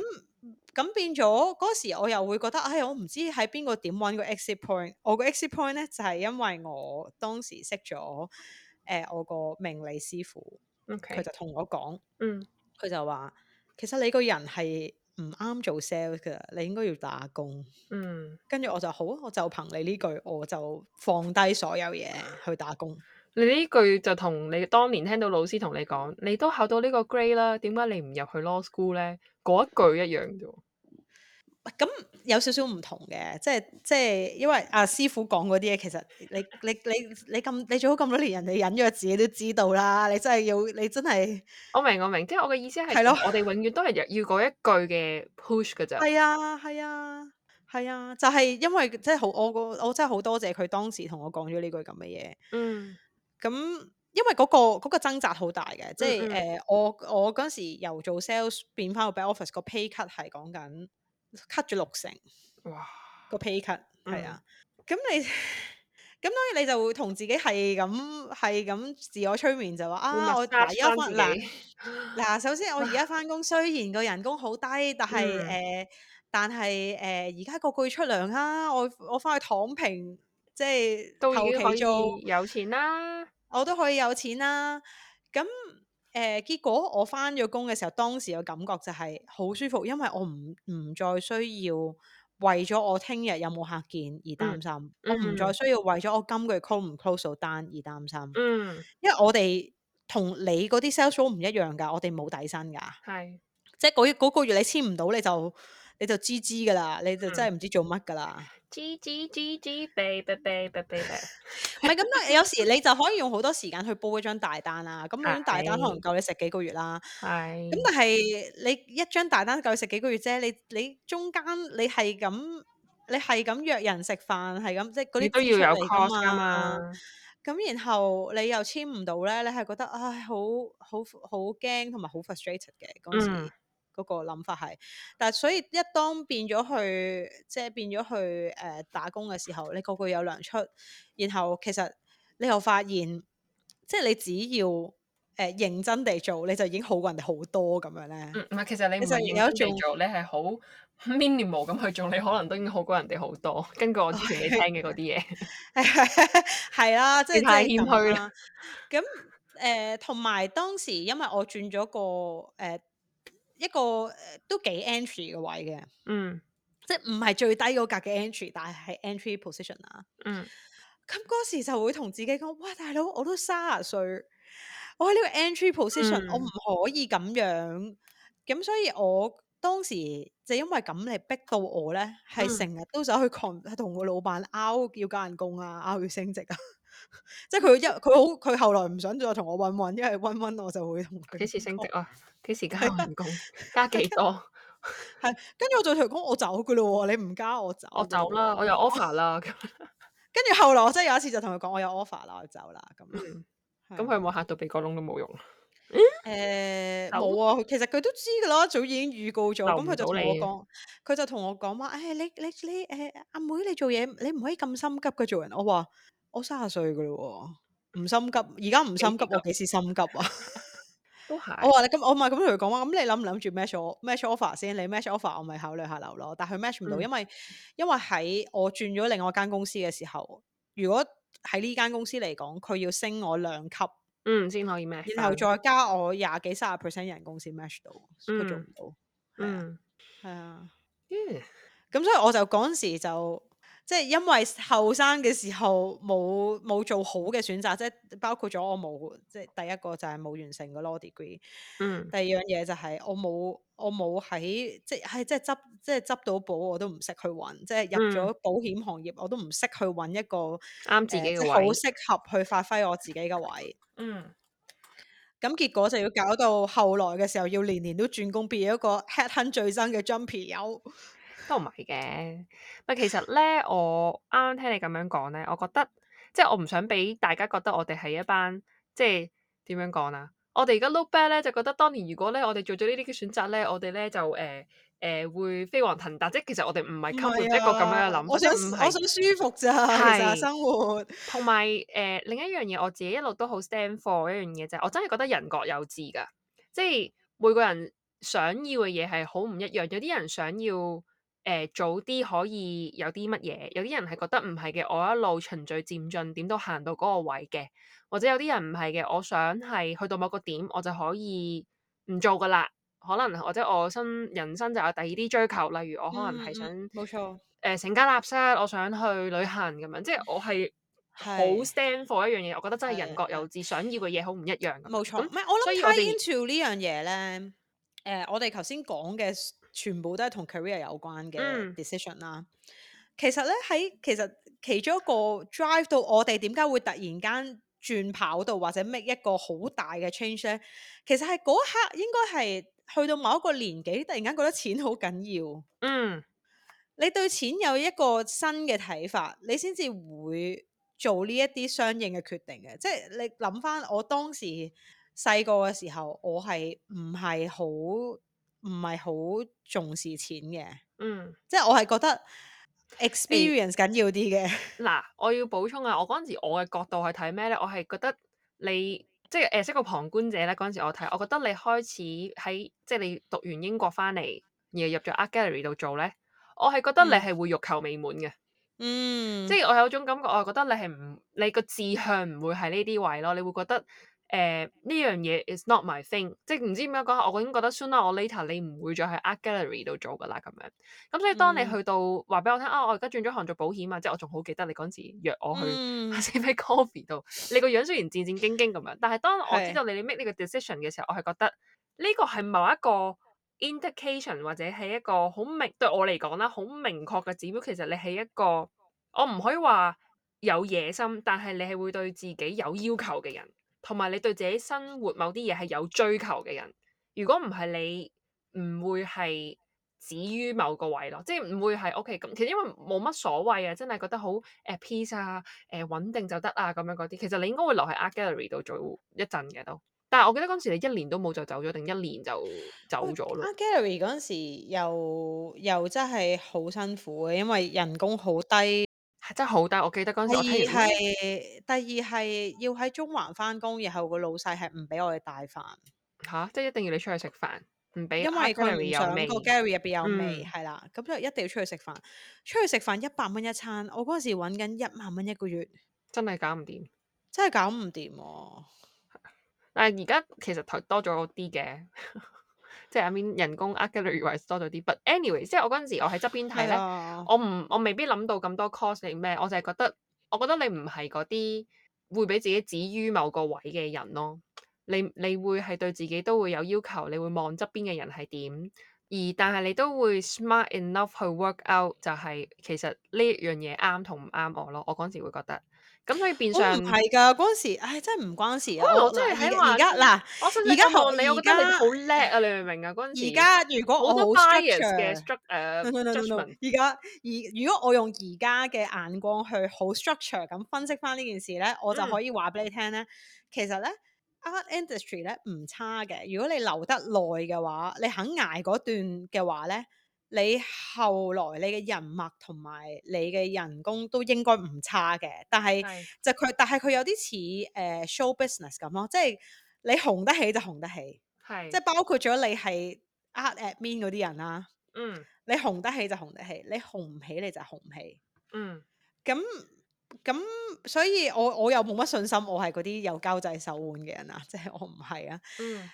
Speaker 1: 咁變咗嗰時，我又會覺得，唉，我唔知喺邊個點搵個 exit point。我個 exit point 呢，就係、是、因為我當時識咗誒、呃、我個命理師傅，佢 Okay. 就同我講，嗯，佢就話，其實你個人係唔啱做 sales 嘅，你應該要打工。嗯，跟住我就好，我就憑你
Speaker 2: 呢句，我就放低所有嘢去打工。你呢句就同你當年聽到老師同你講，你都考到呢個 grade 啦，點解你唔入去 law school 咧？嗰一句一樣啫。咁、嗯、有少少唔同嘅，即係即係，因為
Speaker 1: 阿、啊、師傅講嗰啲嘢，其實你你你你咁你，你做咗咁多年，人哋忍咗，自己都知道啦。你真係要，你真係。
Speaker 2: 我明我明，即係我嘅意思係、係咯，我哋永遠都係要嗰一句嘅 push 噶咋。係啊，
Speaker 1: 係啊，係啊，就係因為即係好，我我真係好多謝佢當時同我講咗呢句咁嘅嘢。嗯。咁，因為嗰、那個嗰、那個掙扎好大嘅，嗯、哼即係誒、uh, 我我嗰時由做 sales 變翻個 back office 個 pay cut 係講緊 cut 咗六成，哇個 pay cut 係、嗯、啊，咁你咁當然你就會同自己係咁係咁自我催眠就話啊，我第一忽嗱嗱，首先我而家翻工雖然個人工好低，但係誒但係誒而家個月出糧啊，我我翻去躺平，即係求其做有錢啦。我都可以有錢啦，咁誒、呃、結果我返咗工嘅時候，當時嘅感覺就係好舒服，因為我唔唔再需要為咗我聽日有冇客見而擔心，嗯嗯、我唔再需要為咗我今個月 close 唔 close 單而擔心。
Speaker 2: 嗯，因為我哋
Speaker 1: 同你嗰啲 sales 唔一樣㗎，我哋冇底薪㗎，係是，即係嗰個月你簽唔到你就你就 GG 㗎啦，你就真係唔知做乜㗎啦。嗯
Speaker 2: G G G G
Speaker 1: baby baby baby，唔係咁，有時你就可以用好多時間去煲一張大單啦。咁樣大單可能夠你食幾個月啦。係唉。咁但係你一張大單夠你食幾個月啫？你你中間你係咁，你係咁約人食飯，係咁即係嗰啲都要有 cost 噶嘛。咁、嗯、然後你又簽唔到咧，你係覺得唉、哎、好好好驚同埋好 frustrated 嘅。時嗯。嗰個諗法係，但係所以一當變咗去，即係變咗去誒、呃、打工嘅時候，你個個有糧出，然後其實你又發現，即係你只要誒、呃、認真地做，你就已經好過人哋好多咁樣咧。
Speaker 2: 唔係其實你做其實而家做你係好 minimal 咁去做，你可能都已經好過人哋好多。根據我之前你聽嘅嗰啲嘢，係
Speaker 1: 啊呵呵，即係太謙虛啦。咁誒后，同埋、呃、當時因為我轉咗個誒。呃一個都幾 entry 嘅位嘅，嗯，即係唔係最低嗰格嘅 entry，但係係 entry position 啊，嗯，咁嗰時就會同自己講，哇，大佬我都三十歲，我喺呢個 entry position、嗯、我唔可以咁樣，咁所以我當時就因為咁嚟逼到我咧，係成日都走去抗，同個老闆拗要加人工啊，拗要升職啊。即係佢一佢好佢後來唔想再同我溫溫，因為溫溫我就會同佢，幾時升職啊？幾時加人工？ 加幾多少？係 跟住我做條工，我走噶咯。你唔加我走，我走啦。 我有 offer 啦。咁跟住後來我真係有一次就同佢講，我有 offer 啦，我走啦。咁
Speaker 2: 咁佢有冇嚇到鼻哥窿都冇用？
Speaker 1: 誒，冇啊。其實佢都知噶啦，早已經預告咗。咁佢就同我講，佢就同我講話，誒、哎，你你你誒，阿、啊、妹你做嘢，你唔可以咁心急噶做人。我話。我三十歲噶咯，唔心急。而家唔心急，我幾時心急啊？都係。我話你咁，我唔係咁同佢講咯。咁你諗唔諗住 match match offer 先？你 match offer，我咪考慮下留咯。但係佢 match 唔到，因為因為喺我轉咗另外一間公司嘅時候，如果喺呢間公司嚟講，佢要升我兩級，嗯，先可
Speaker 2: 以 match。然後再
Speaker 1: 加我廿幾三十 percent 人工先 match 到，佢做唔到。係啊，係啊。咁所以我就嗰時就。即係因為後生嘅時候冇冇做好嘅選擇，即係包括咗我冇即係第一個就係冇完成個 law degree、嗯、第二樣嘢就係我冇我冇喺即係即係執即係執，執到保我都唔識去揾，即係入咗保險行業我都唔識去揾一個啱自己嘅好、呃、適合去發揮我自己嘅位。
Speaker 2: 嗯，
Speaker 1: 咁結果就要搞到後來嘅時候要年年都轉工，變一個吃 n 最
Speaker 2: 新嘅 j u m p y n g 油。都唔係嘅，唔其實咧，我啱啱聽你咁樣講咧，我覺得即係我唔想俾大家覺得我哋係一班即係點樣講啦？我哋而家 look back 咧，就覺得當年如果咧我哋做咗呢啲嘅選擇咧，我哋咧就誒誒、呃呃、會飛黃騰達，即係其實我哋唔係溝滿一個咁樣嘅諗、啊，我想是我想舒服咋，
Speaker 1: 是其實生
Speaker 2: 活同埋誒另一樣嘢，我自己一路都好 stand for 一樣嘢就係，我真係覺得人各有志㗎，即係每個人想要嘅嘢係好唔一樣，有啲人想要。誒、呃、早啲可以有啲乜嘢？有啲人係覺得唔係嘅，我一路循序漸進，點都行到嗰個位嘅。或者有啲人唔係嘅，我想係去到某個點，我就可以唔做噶啦。可能或者我生人生就有第二啲追求，例如我可能係想冇、嗯嗯、錯誒、呃、成家立室，我想去旅行咁樣，即係我係好 stand for 是一樣嘢。我覺得真係人各有志，的想要嘅嘢好唔一樣。冇錯，咁那我諗 tie into 呢樣嘢咧。
Speaker 1: 誒、呃，我哋頭先講嘅全部都係同 career 有關嘅 decision 啦。嗯、其實咧，喺其實其中一個 drive 到我哋點解會突然間轉跑道或者 make 一個好大嘅 change 咧，其實係嗰一刻應該係去到某一個年紀，突然間覺得錢好緊要。嗯，你對錢有一個新嘅睇法，你先至會做呢一啲相應嘅決定嘅。即係你諗翻我當時。細個嘅時候，我係唔係好唔係好重視錢嘅，嗯，即係我係覺得 experience 緊要啲嘅。
Speaker 2: 嗱、欸，我要補充啊，我嗰陣時我嘅角度係睇咩咧？我係覺得你即係誒，識、就是、個旁觀者咧。嗰陣時我睇，我覺得你開始喺即係你讀完英國翻嚟，然後入咗 Art Gallery 度做咧，我係覺得你係會欲求未滿嘅、嗯，嗯，即係我有種感覺，我係覺得你係唔你個志向唔會喺呢啲位咯，你會覺得。誒呢、呃、樣嘢 is not my thing，即係唔知點解講，我已經覺得 sooner or later 你唔會再去 art gallery 度做㗎啦咁樣。咁所以當你去到話俾、嗯、我聽啊，我而家轉咗行做保險啊，即係我仲好記得你嗰陣時約我去喺 coffee 度，嗯、 你個樣雖然戰戰兢兢咁樣，但係當我知道你哋是 make 呢個 decision 嘅時候，我係覺得呢個係某一個 indication 或者係一個好明對我嚟講啦，好明確嘅指標。其實你係一個我唔可以話有野心，但係你係會對自己有要求嘅人。同埋你對自己生活某啲嘢係有追求嘅人，如果唔係你唔會係止於某個位咯，即係唔會係 OK 咁。其實因為冇乜所謂啊，真係覺得好誒 peace 啊，誒穩定就得啊咁樣嗰啲。其實你應該會留喺 Art Gallery 度做一陣嘅都。但係我記得嗰陣時你一年都冇就走咗，定一年就走咗咯。Art Gallery 嗰陣時
Speaker 1: 又又真係好辛苦嘅，因為人工好低。真係好，低。我記
Speaker 2: 得嗰陣時第，
Speaker 1: 第二係要喺中環翻工，然後個老細係唔
Speaker 2: 俾我哋帶飯嚇、啊，即係一定要你出去食飯，唔俾，因為佢唔想個 gallery
Speaker 1: 入邊有味係啦，咁、嗯、就一定要出去食飯。出去食飯一百蚊一餐，我嗰陣時揾緊
Speaker 2: 一萬蚊一個月，真係搞唔掂，真係搞唔掂啊！但係而家其實台多咗啲嘅。 即係入面人工呃嘅類型多咗啲，but anyway，即係我嗰陣時我喺側邊睇咧，Yeah. 我唔我未必諗到咁多 cost 定咩，我就係覺得我覺得你唔係嗰啲會俾自己止於某個位嘅人咯，你你會係對自己都會有要求，你會望側邊嘅人係點，而但係你都會 smart enough 去 work out 就係其實呢一樣嘢啱同唔啱我咯，我嗰陣時會覺得。咁所以變相唔係㗎，嗰陣時，唉，真係唔關事。啊。我真係喺而家嗱，在在我而家學你，在我覺得你好叻啊！你明唔明啊？嗰陣時，而家如果我好 structure 嘅 judgement 而
Speaker 1: 家而如果我用而家嘅眼光去好 structure 咁分析翻呢件事咧，我就可以話俾你聽咧。嗯、其實咧，art industry 咧唔差嘅，如果你留得耐嘅話，你肯捱嗰段嘅話咧。你後來你嘅人脈同埋你嘅人工都應該唔差嘅，但係的就佢，但係佢有啲似誒 show business 咁咯，即係你紅得起就紅得起，的即係包括咗你係 art admin 嗰啲人啦、啊。嗯，你紅得起就紅得起，你紅唔起你就紅唔起。嗯，咁咁，所以我我又冇乜信心，我係嗰啲有交際手腕嘅人啊，即係我唔係啊。嗯，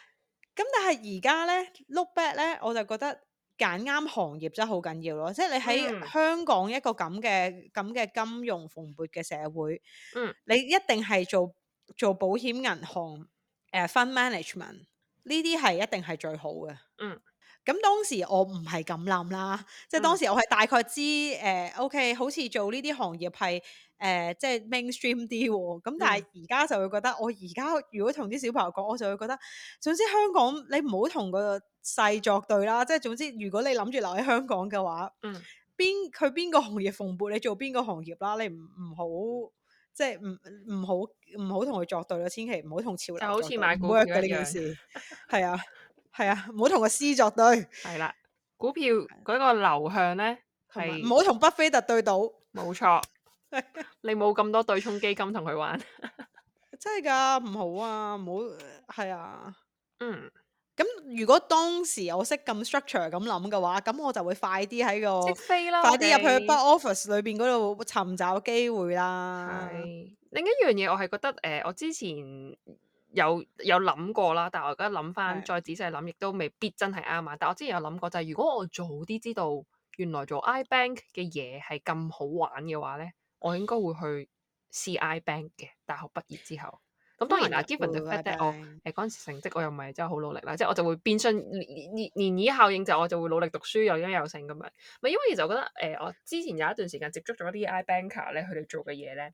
Speaker 1: 咁但係而家咧 look back 咧，我就覺得。揀啱行業真係好緊要咯，即係你喺香港一個咁嘅咁嘅金融蓬勃嘅社會，mm. 你一定係做做保險銀行、誒、uh, fund management 呢啲係一定係最好嘅。Mm. 咁當時我唔係咁諗啦，即係當時我係大概知誒、嗯呃、OK，好似做呢啲行業係誒、呃，即係 mainstream 啲喎。咁但係而家就會覺得，嗯、我而家如果同啲小朋友講，我就會覺得，總之香港你唔好同個勢作對啦。即係總之，如果你諗住留喺香港嘅話，邊去邊個行業蓬勃，你做邊個行業啦。你唔唔好即係唔唔好唔好同佢作對啦，千祈唔好同潮流。就好似買股一樣嘅呢件事，係啊。係啊，唔好同個 C 作對。
Speaker 2: 係啦，股票嗰個流向咧係唔好同
Speaker 1: 巴菲特對賭。
Speaker 2: 冇錯，你冇咁多對沖基金同佢玩，
Speaker 1: 真係噶唔好啊，唔好係啊。嗯，咁如果當時我識咁 structure 咁諗嘅話，咁我就會快啲喺個快啲入去 Buffett office 裏邊嗰度尋找機會
Speaker 2: 啦。係另一樣嘢，我係覺得誒，我之前。有有諗過啦，但係我而家諗返，的再仔細諗，亦都未必真係啱嘛。但係我之前有諗過就係、是，如果我早啲知道原來做 iBank 嘅嘢係咁好玩嘅話咧，我應該會去試 iBank 嘅。大學畢業之後，
Speaker 1: 咁當然啦、啊，Given the fact 我
Speaker 2: 誒嗰陣時成績我又唔係真係好努力啦，的即係我就會變相年年以效應，就我就會努力讀書又優又成咁樣。唔係因為其實我覺得誒、呃，我之前有一段時間接觸咗啲 iBanker 咧，佢哋、er、做嘅嘢咧。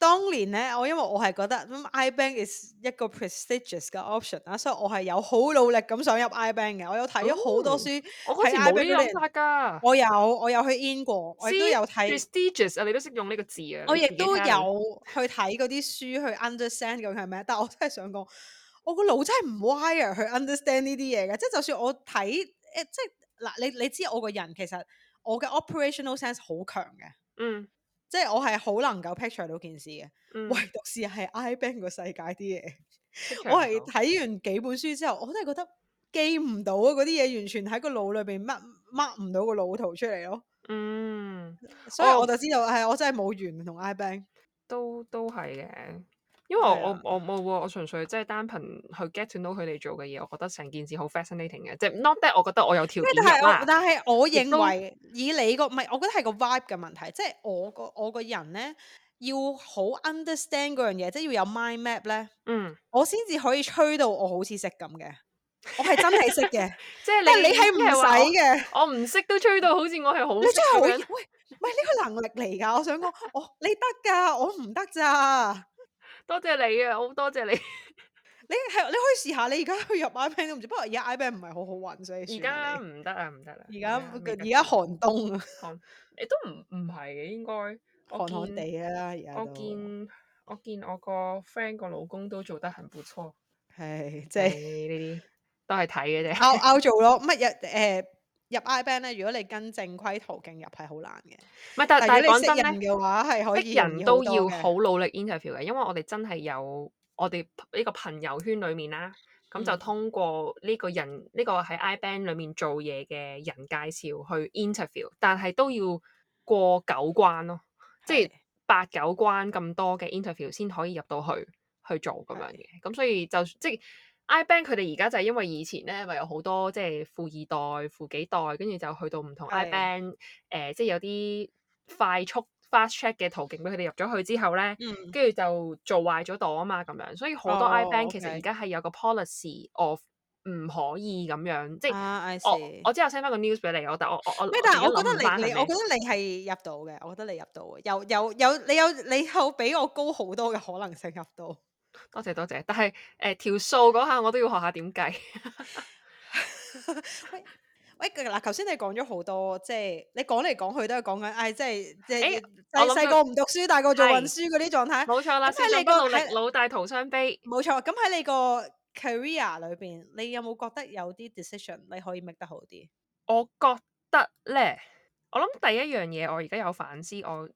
Speaker 1: 當年咧，我因為我係覺得咁 IBank is 一個 prestigious 嘅 option 啊，所以我係有好努力咁想入 IBank 嘅。我有睇咗好多書。我嗰時冇啲諗法噶。我有，我有去 in 過。我都有睇 G prestigious
Speaker 2: 啊，你都識用呢個字啊。我亦都有
Speaker 1: 去睇嗰啲書 去 understand 咁係咩。但係我真係想講，我個腦真係唔 wire 去 understand 呢啲嘢嘅。即係就算我睇，誒，即係嗱，你你知我個人其實我嘅 operational sense 好強嘅。嗯。即係我係好能夠 picture 到件事嘅，唯獨、嗯、是係 ibank 個世界啲嘢， 我係睇完幾本書之後，我真係覺得記唔到嗰啲嘢，完全喺個腦裏邊掹掹唔到個腦圖出嚟咯。嗯，所以我就知道係我，我真係冇緣同 ibank。都都係嘅。
Speaker 2: 因為我、嗯、我我我純粹即係單憑去 get 到佢哋做嘅嘢，我覺得成件事好 fascinating 嘅，即係 not that 我覺得我有條件，但係
Speaker 1: 我，我認為
Speaker 2: 以你個唔係都，我覺得係個 vibe 嘅問題，即、就、係、是、我
Speaker 1: 個我個人咧要好 understand 嗰樣嘢，即係要有 mind map 咧，嗯，我先至可以吹到我好似識咁嘅，我係真係識嘅，即係 你是你係唔使嘅，
Speaker 2: 我唔識都吹到好似我係好識，你真係會喂，唔係呢個能力嚟
Speaker 1: 噶，我想講我 你得噶，我唔得咋。
Speaker 2: 多謝你啊，好多謝你。
Speaker 1: 你係你可以試下，你而家去入 I 班都唔知。不過而家 I 班唔係好好運，所以而家
Speaker 2: 唔得啊，唔得啦！而家而家寒冬啊，你、欸、都唔唔係嘅應該。寒寒地啦，而家都。我見我見我個 friend 個老公都做得很不錯。係，即係呢啲都係睇嘅啫。拗拗 做咯，乜
Speaker 1: 嘢誒？呃入 iBand 咧，如果你跟正規途徑入係好難
Speaker 2: 嘅，唔係，但係但係講真咧，識人嘅
Speaker 1: 但話係可以人都要好
Speaker 2: 努力 interview 嘅，因為我哋真係有我哋呢個朋友圈裡面啦，咁、嗯、就通過呢個人呢、這個喺 iBand 裡面做嘢嘅人介紹去 interview，但係都要過九關咯，是即係八九關咁多嘅 interview 先可以入到去去做咁樣嘅，咁是所以就即係。iBank 佢哋而家就係因為以前咧，咪有好多即係富二代、富幾代，跟住就去到唔同 iBank，誒的、呃，即係有啲快速 fast check 嘅途徑俾佢哋入咗去之後咧，跟住、嗯、就做壞咗度啊嘛，咁樣，所以好多 iBank 其實而家係有個 policy of 唔可以咁樣，即係、啊、我，我之後 send 翻個 news 俾你，我，我，我，我，我但我我我但係我覺得你你我
Speaker 1: 覺得你係入到嘅，我覺得你入到，
Speaker 2: 嘅，有有有，有你有你有比我高好多嘅可能性入到。多謝多謝，但係誒條數嗰下我都要學下點計
Speaker 1: 喂。喂喂，嗱，頭先你講咗好多，即係你講嚟講去都係講緊，唉，即係誒，細細個唔讀書，大個是做運輸嗰啲狀態。冇錯啦，即係你個老
Speaker 2: 大徒傷悲。冇
Speaker 1: 錯，咁喺你個 career 裏邊，你有冇覺得有啲 decision 你可以 make 得好啲？
Speaker 2: 我覺得咧，我諗第一樣嘢，我而家有反思，我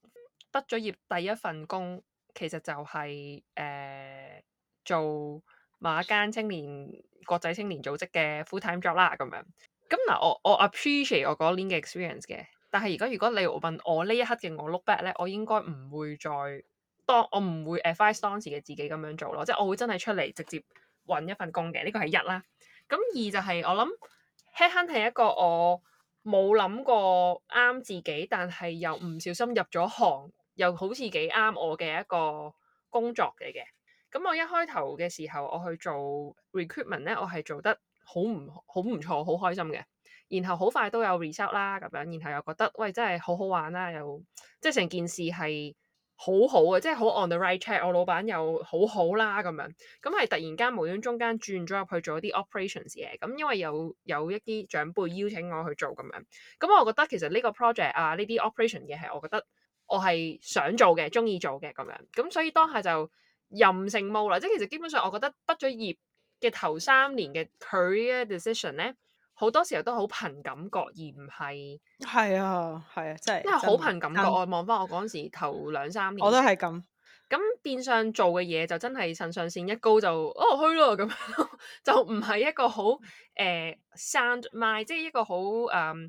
Speaker 2: 畢咗業第一份工。 其實就係、是、誒、呃、做某一間青年國際青年組織嘅 full time job 啦，咁樣咁，嗱，我我 appreciate 我嗰年嘅 experience 嘅，但係而家如果你問我呢一刻嘅我 look back 咧，我應該唔會再當我唔會 advise 嗰陣時嘅自己咁樣做咯，即係我會真係出嚟直接揾一份工嘅呢個係一啦。咁二就係、是、我諗 headhunt 係一個我冇諗過啱自己，但係又唔小心入咗行。又好似幾啱我嘅一個工作嚟嘅，咁我一開頭嘅時候我去做 recruitment 咧，我係做得好唔好唔錯，好開心嘅。然後好快都有 result 啦，咁樣，然後又覺得喂真係好好玩啦，又即係成件事係好好嘅，即係好 on the right track。我老闆又好好啦，咁樣咁係突然間無端中間轉咗入去做啲 operations 嘢，咁因為有有一啲長輩邀請我去做咁樣，咁我覺得其實呢個 project 啊，呢啲 operation 嘅係我覺得。我係想做嘅，中意做嘅咁樣，咁所以當下就任性冇啦。即係其實基本上，我覺得畢咗業嘅頭三年嘅 career decision 咧，好多時候都好憑感覺而唔係。係啊，係啊，即係。因為好憑感覺，我望翻我嗰陣時頭兩三年。 我都係咁。咁變相做嘅嘢就真係腎上腺一高就哦去咯咁樣 就唔係一個好誒 sound mind, 即係一個好誒。Um,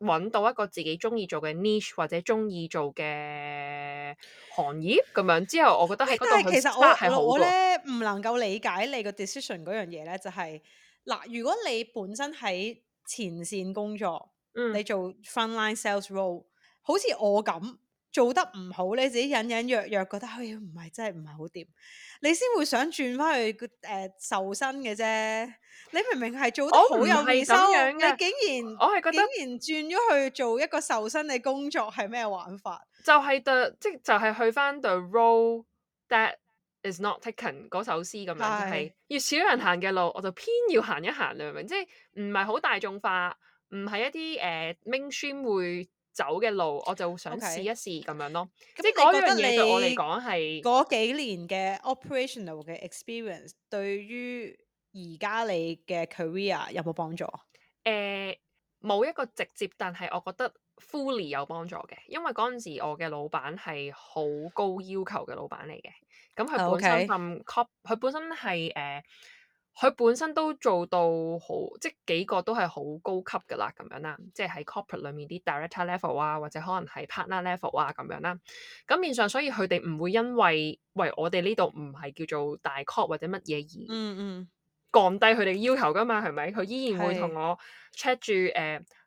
Speaker 2: 揾到一個自己中意做嘅 niche 或者中意做嘅行業咁樣之後，我覺得喺嗰度我真係好嘅。
Speaker 1: 唔能夠理解你個 decision 嗰樣嘢咧，就係、是、嗱，如果你本身喺前線工作，嗯、你做 frontline sales role，好似我咁。做得唔好，你自己隱隱約約覺得，哎唉，唔係真係唔係好掂，你先會想轉翻去誒瘦身嘅啫。你明明係做得好有面嘅樣，你竟然我係覺得竟然轉咗去做一個瘦身嘅工作係咩玩法？
Speaker 2: 就係對，即就係去翻 the road that is not taken 嗰首詩咁樣，係，越少人行嘅路，我就偏要行一行，你明唔明？即係唔係好大眾化，唔係一啲誒 mainstream 會。Uh, main 走嘅路，我就想試一試咁 Okay. 樣咯。即係嗰樣嘢對我嚟講係嗰
Speaker 1: 幾年嘅 operational 嘅 experience，對
Speaker 2: 於而家你嘅 career 有冇幫助？誒、呃，冇一個直接，但係我覺得 fully 有幫助嘅。因為嗰陣時我嘅老闆係好高要求嘅老闆嚟嘅，咁佢本身咁佢 Okay. 本身係誒。呃佢本身都做到好，即係幾個都係好高級㗎啦，咁樣啦，即係喺 corporate 裡面啲 director level 啊，或者可能係 partner level 啊，咁樣啦。咁面上，所以佢哋唔會因為喂，我哋呢度唔係叫做大 corp 或者乜嘢而降低佢哋要求㗎嘛，係咪？佢依然會同我 check 住誒。的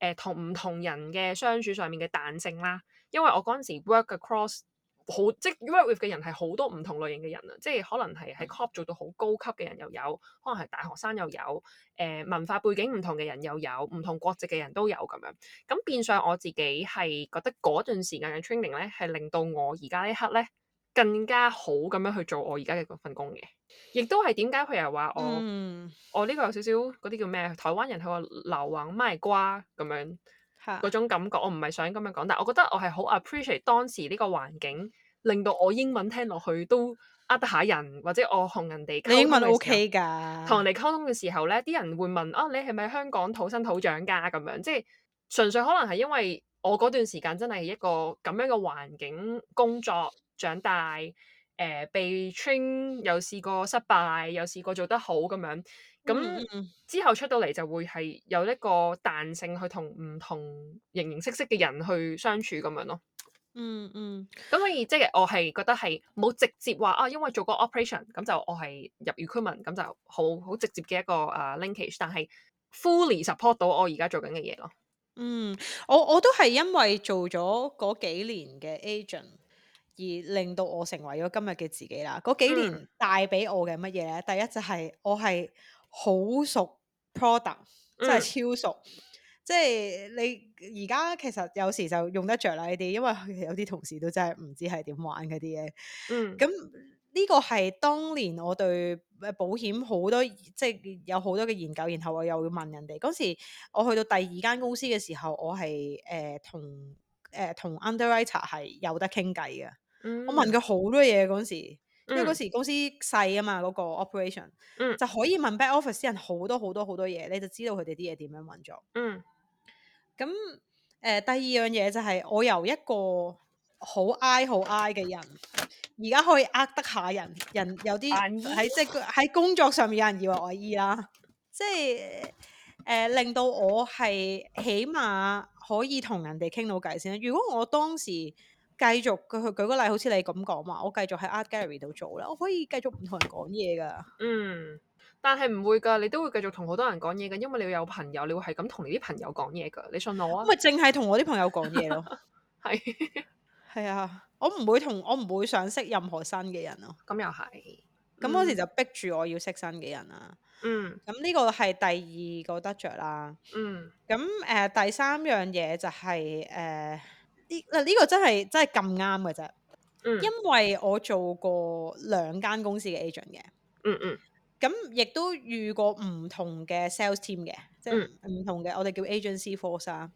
Speaker 2: 誒同唔同人嘅相處上面嘅彈性啦，因為我嗰陣時 work across 好，即係 work with 嘅人係好多唔同類型嘅人啊，即係可能係喺 cop 做到好高級嘅人又有，可能係大學生又有，誒、呃、文化背景唔同嘅人又有，唔同國籍嘅人都有咁樣。咁變相我自己係覺得嗰陣時間嘅 training 咧，係令到我而家呢刻咧。更加好咁樣去做我而家嘅份工嘅，亦都係點解佢又話我、嗯、我呢個有少少嗰啲叫咩？台灣人佢話老王賣瓜咁樣嗰種感覺，哈我唔係想咁樣講，但係我覺得我係好 appreciate 當時呢個環境，令到我英文聽落去都呃得下人，或者我同人哋你英文 O K 㗎，同人哋溝通嘅時候咧，啲人會問啊，你係咪香港土生土長㗎咁樣，樣？即係純粹可能係因為我嗰段時間真係一個咁樣嘅環境工作。長大誒、呃，被 train 又試過失敗，又試過做得好咁樣。咁、mm hmm. 之後出到嚟就會係有一個彈性去同唔同形形色色嘅人去相處咁樣咯。嗯嗯、mm。咁、hmm. 所以即係、就是、我係覺得係冇直接話啊，因為做個 operation 咁就我係入 recruitment 咁就好好直接嘅一個啊、uh, linkage，但係 fully support 到我而家做緊嘅嘢咯。嗯、mm hmm. 我我都係因為做咗
Speaker 1: 嗰幾年嘅 agent。而令到我成為咗今日嘅自己啦，嗰幾年帶俾我嘅乜嘢咧？嗯、第一就係我係好熟 product，嗯，真係超熟，即係你而家其實有時就用得着啦呢啲，因為有啲同事都真係唔知係點玩嗰啲嘢。嗯，咁呢、這個係當年我對保險好多，即係有好多嘅研究，然後我又會問人哋。嗰時我去到第二間公司嘅時候，我係誒同、呃、誒同、呃、underwriter 係有得傾偈嘅。我問佢好多嘢嗰時，因為嗰時公司細啊嘛，嗰、那個 operation 就可以問 back office 啲人好多好多好多嘢，你就知道佢哋啲嘢點樣運作。嗯，咁、呃、誒第二樣嘢就係、是、我由一個好 I 好 I 嘅人，而家可以呃得下人，人有啲喺即係喺工作上面有人以為我係 E 啦，即係誒令到我係起碼可以同人哋傾到偈先。如果我當時，繼續舉舉舉個例，好似你咁講嘛，我繼續喺 Art Gallery 度做啦，我可以
Speaker 2: 繼續唔同人講嘢㗎。嗯，但係唔會㗎，你都會繼續同好多人講嘢㗎，因為你有朋友，你會係咁同你啲朋友講嘢㗎，你信我啊。咪淨係
Speaker 1: 同我啲朋友講嘢咯，係係 是啊，我唔會同我唔會想識任何新嘅人咯、啊。咁又係，咁嗰時就逼住我要識新嘅人啦。嗯，咁呢、啊嗯、個係第二個得着啦。嗯，咁誒、呃、第三樣嘢就係、是、誒。呃呢嗱，呢個真係真係咁啱嘅啫。因為我做過兩間公司嘅 agent 嘅，嗯嗯，咁亦都遇過唔同嘅 sales team 嘅，即係嗯，唔同嘅我哋叫 agency force 啊、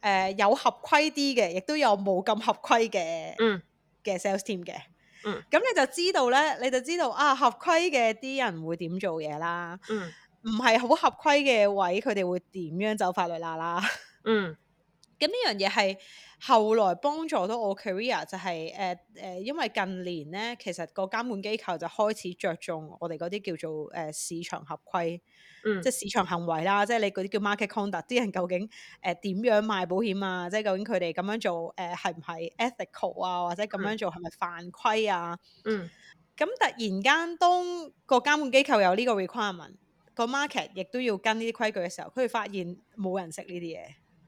Speaker 1: 呃，有合規啲嘅，亦都有冇咁合規嘅，嘅 sales team 嘅，咁你就知道呢，你就知道啊，合規嘅啲人會點做嘢啦，唔係好合規嘅位，佢哋會點 樣走法律啦啦，咁呢樣嘢係。後來幫助到我 career 就係誒誒，因為近年咧，其實個監管機構就開始着重我哋嗰啲叫做誒、呃、市場合規，嗯、即係市場行為啦，即係你嗰啲叫 market conduct，啲人究竟誒點、呃、樣賣保險啊？即係究竟佢哋咁樣做誒係、呃、唔係 ethical 啊？或者咁樣做係咪、嗯、犯規啊？嗯，咁突然間當個監管機構有呢個 requirement，個 market 亦都要跟呢啲規矩嘅時候，佢會發現冇人識呢啲嘢，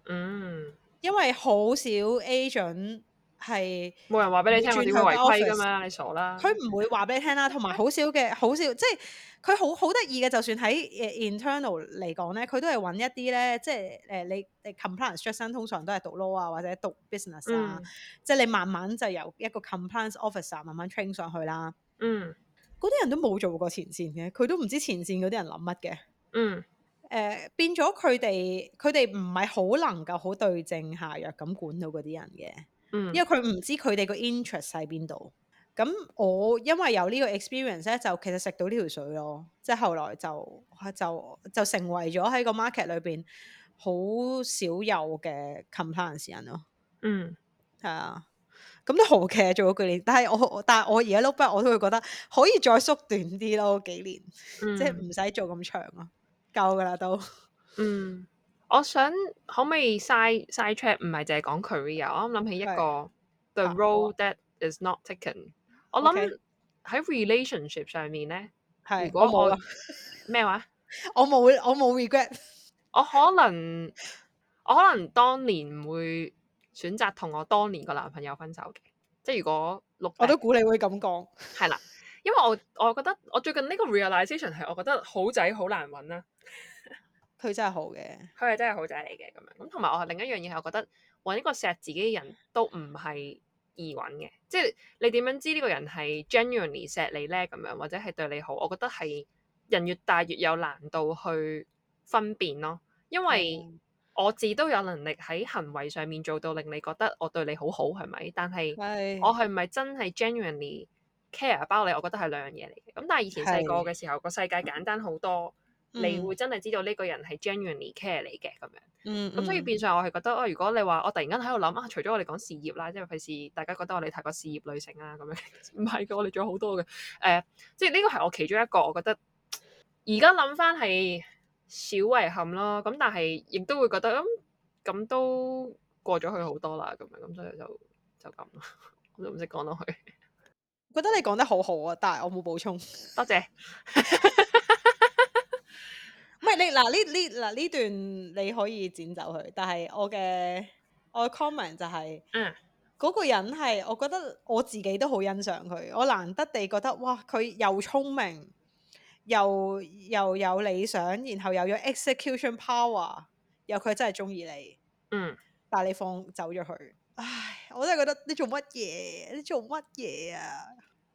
Speaker 1: 嗯。因為好少 agent
Speaker 2: 係冇人話俾你聽，點去違規㗎嘛，你傻啦！佢
Speaker 1: 唔會話俾你聽啦，同埋好少嘅好 少，即係佢好好得意嘅，就算喺 internal 嚟講咧，佢都係揾一啲咧，即係誒你誒 compliance 出身，in, 通常都係讀 law 啊或者讀 business 啊、嗯，即係你慢慢就由一個 compliance officer 慢慢 train 上去啦。嗯，嗰啲人都冇做過前線嘅，佢都唔知前線嗰啲人諗乜嘅。嗯。誒、呃、變咗佢哋，佢哋唔係好能夠好對症下藥咁管到嗰啲人嘅，嗯、因為佢唔知佢哋個 interest 喺邊度。咁我因為有個呢個 experience 咧，就其實食到呢條水咯，即係後來就就就成為咗喺個 market 裏邊好少有嘅 compliance 人咯。嗯，係啊，咁都好嘅做咗幾年，但係我但係我而家 look back 我都會覺得可以再縮短啲咯幾年，嗯、即係唔使做咁長啊。夠噶啦，都。
Speaker 2: 嗯，我想可唔可以 side side track？唔係淨係講 career，我諗諗起一個 the road that is not taken。我諗喺 relationship 上面咧，係如果我咩話，我冇我冇 regret。我可能我可能當年會選擇同我當年個男朋友分手嘅，即係如果六，我都估你會咁講，係啦。因為我我覺得我最近呢個 realization 係我覺得好仔難、啊、 嘅好難揾啦，佢真係好嘅，佢係真係好仔嚟嘅咁樣。咁同埋我係另一樣嘢，我覺得揾一個錫自己嘅人都唔係易揾嘅，即係你點樣知呢個人係 genuinely 錫你咧？咁樣或者係對你好，我覺得係人越大越有難度去分辨咯。因為我自都有能力喺行為上面做到令你覺得我對你好好係咪？但係我係咪真係 genuinely？care 包你，我覺得係兩樣嘢嚟嘅。咁但係以前細個嘅時候，個是世界簡單好多，嗯、你會真係知道呢個人係 genuinely care 你嘅咁樣。咁、嗯嗯、所以變相我係覺得，哦，如果你話我突然間喺度諗啊，除咗我哋講事業啦，即係費事大家覺得我哋太過事業女性啊咁樣，唔係嘅，我哋仲有好多嘅。誒、呃，即係呢個係我其中一個，我覺得而家諗翻係少遺憾咯。咁但係亦都會覺得咁、嗯、都過咗去好多啦。咁樣咁所以就就咁 我都唔識講落去。覺得你講得好好啊，但係我冇補充。多謝。 唔係你嗱呢呢
Speaker 1: 嗱呢段你可以剪走佢，但係我嘅我嘅 comment 就係，嗯，嗰個人係我覺得我自己都好欣賞佢，我難得地覺得哇佢又聰明又又有理想，然後又有 execution power，又佢真係中意你，嗯，但係你放走咗佢，唉，我真係覺得你做乜嘢？你做乜嘢啊？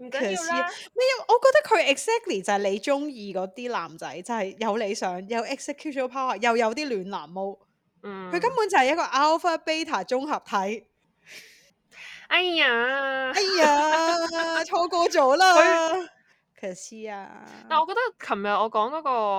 Speaker 2: 唔緊要啦。
Speaker 1: 咩啊？我覺得佢 exactly 就係你中意嗰啲男仔，就係有理想，有 execution power，又有啲暖男毛。嗯。佢根本就係一個 alpha beta 綜合體。
Speaker 2: 哎呀！哎呀！錯過咗啦。
Speaker 1: 可惜啊。但
Speaker 2: 係我覺得琴日我講嗰個。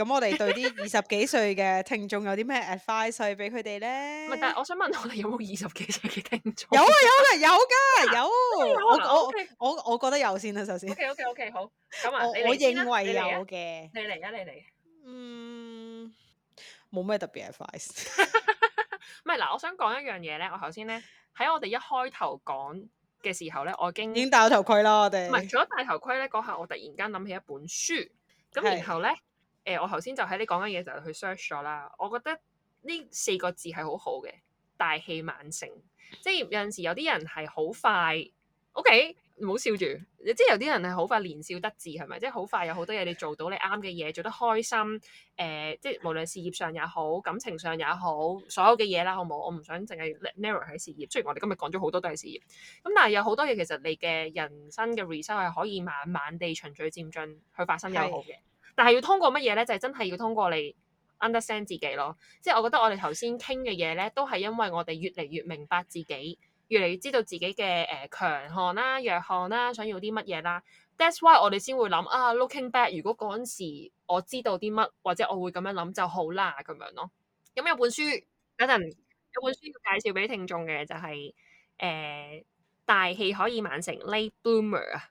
Speaker 1: 咁我哋對啲二十幾歲嘅聽眾有啲咩 advice 俾佢哋咧？
Speaker 2: 唔係，但係我想問我哋有冇二十幾歲嘅聽眾？
Speaker 1: 有啊，有啊，有㗎，有。我我我我覺得有先啦，首先。OK OK
Speaker 2: OK，好。咁啊，你我認為有嘅。你嚟啊！
Speaker 1: 你嚟。嗯，冇咩特別 advice。
Speaker 2: 唔係嗱，我想講一樣嘢咧。我頭先咧喺我哋一開頭講嘅時候咧，我已經已經戴咗頭
Speaker 1: 盔啦。我哋唔係，除咗
Speaker 2: 戴頭盔咧嗰刻，我突然間諗起一本書咁，然後咧。誒、呃，我頭先就喺你講緊嘢時候去 search 咗啦。我覺得呢四個字係好好嘅，大器晚成。即係有陣時有啲人係好快，OK，唔好笑住。即係有啲人係好快年少得志，係咪？即係好快有好多嘢你做到你啱嘅嘢，做得開心。誒、呃，即係無論事業上也好，感情上也好，所有嘅嘢啦，好唔好？我唔想淨係 narrow 喺事業。雖然我哋今日講咗好多都係事業，咁但係有好多嘢其實你嘅人生嘅 result 係可以慢慢地循序漸進去發生又好嘅。但係要通過乜嘢咧？就係、是、真係要通過你 understand 自己咯。即、就、係、是、我覺得我哋頭先傾嘅嘢咧，都係因為我哋越嚟越明白自己，越嚟越知道自己嘅誒強項啦、弱項啦，想要啲乜嘢啦。That's why 我哋先會諗啊，looking back，如果嗰陣時我知道啲乜，或者我會咁樣諗就好啦，咁樣咯。咁有本書，等陣有本書要介紹俾聽眾嘅就係、是、誒、呃、大器可以晚成，Late Bloomer 啊。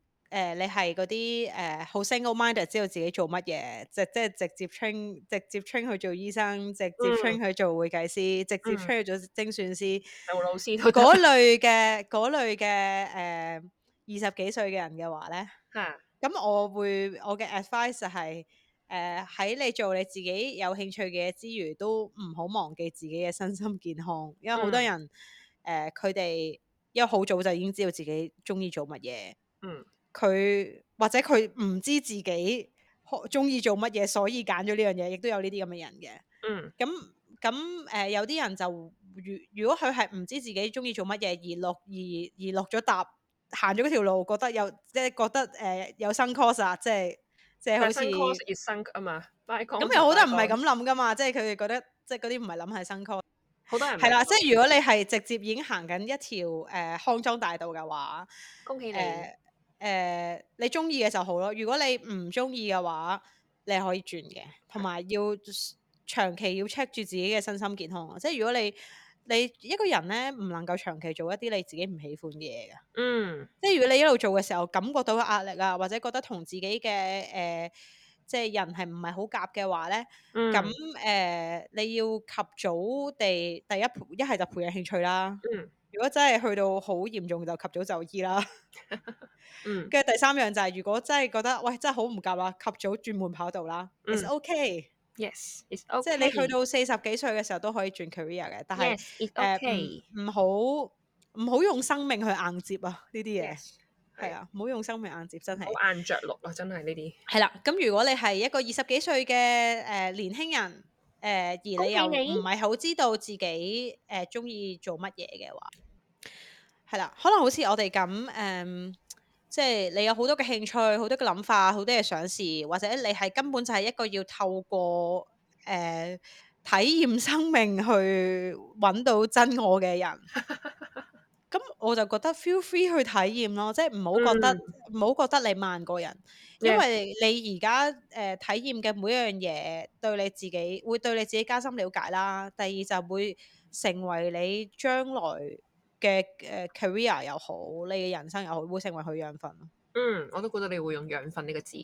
Speaker 1: 誒、呃、你係嗰啲誒好、呃、single-minded 知道自己做乜嘢，即即直接 train 直接 train 去做醫生，直接 train 去做會計師，嗯、直接 train 去做精算師。
Speaker 2: 嗰、嗯、類
Speaker 1: 嘅嗰類嘅誒二十幾歲嘅人嘅話咧，嚇咁、啊、我會我嘅 advice 就係誒喺你做你自己有興趣嘅嘢之餘，都唔好忘記自己嘅身心健康，因為好多人誒佢哋因為好早就已經知道自己中意做乜嘢，嗯。佢或者佢唔知自己中意做乜嘢，所以揀咗呢樣嘢，亦都有呢啲咁嘅人嘅。嗯。咁咁誒，有啲人就如如果佢係唔知自己中意做乜嘢而落而而落咗搭，行咗嗰條路，覺得有即係覺得誒、呃、有新 course 啊，即係即係好似 course
Speaker 2: 新啊嘛。咁有好多人唔係咁
Speaker 1: 諗噶嘛，即係佢哋覺得即係嗰啲唔係諗係新 course，好多人係啦，即係如果你係直接已經行緊一條誒、呃、康莊大道嘅話，恭喜你。呃誒、呃，你中意嘅就好咯。如果你唔中意嘅話，你可以轉嘅。同埋要長期要 check 住自己嘅身心健康。即係如果你你一個人咧唔能夠長期做一啲你自己唔喜歡嘅嘢嘅，嗯，即係如果你一路做嘅時候感覺到壓力啊，或者覺得同自己嘅誒、呃，即係人係唔係好夾嘅話咧，咁誒、嗯呃，你要及早地第一一係就培養興趣啦。嗯。如果真係去到好嚴重，就及早就醫啦。嗯。跟住第三樣就係、是，如果真係覺得，喂，真係好唔夾啊，及早轉門跑道啦。It's OK。
Speaker 2: 嗯。Yes 行。It's OK 行。即係你去到
Speaker 1: 四十幾歲嘅時候都可以轉 career 嘅，但係誒唔好唔好用生命去硬接啊！呢啲嘢係啊，唔好用生命硬接，真係。好硬着陸啊，真係呢啲。係啦，咁如果你係一個二十幾歲嘅誒年輕人。誒、呃、而你又唔係好知道自己誒中意做乜嘢嘅話，係啦，可能好似我哋咁誒，即、呃、係、就是、你有好多嘅興趣，好多嘅諗法，好多嘢想試，或者你係根本就係一個要透過誒、呃、體驗生命去揾到真我嘅人。 咁我就覺得 feel free 去體驗咯，即係唔好覺得唔好、嗯、覺得你慢過人，因為你而家誒體驗嘅每一樣嘢，對你自己會對你自己加深了解啦。第二就會成為你將來嘅誒 career 又好，你嘅人生又好，會成為佢養分咯。
Speaker 2: 嗯，我都覺得你會用養分呢個字。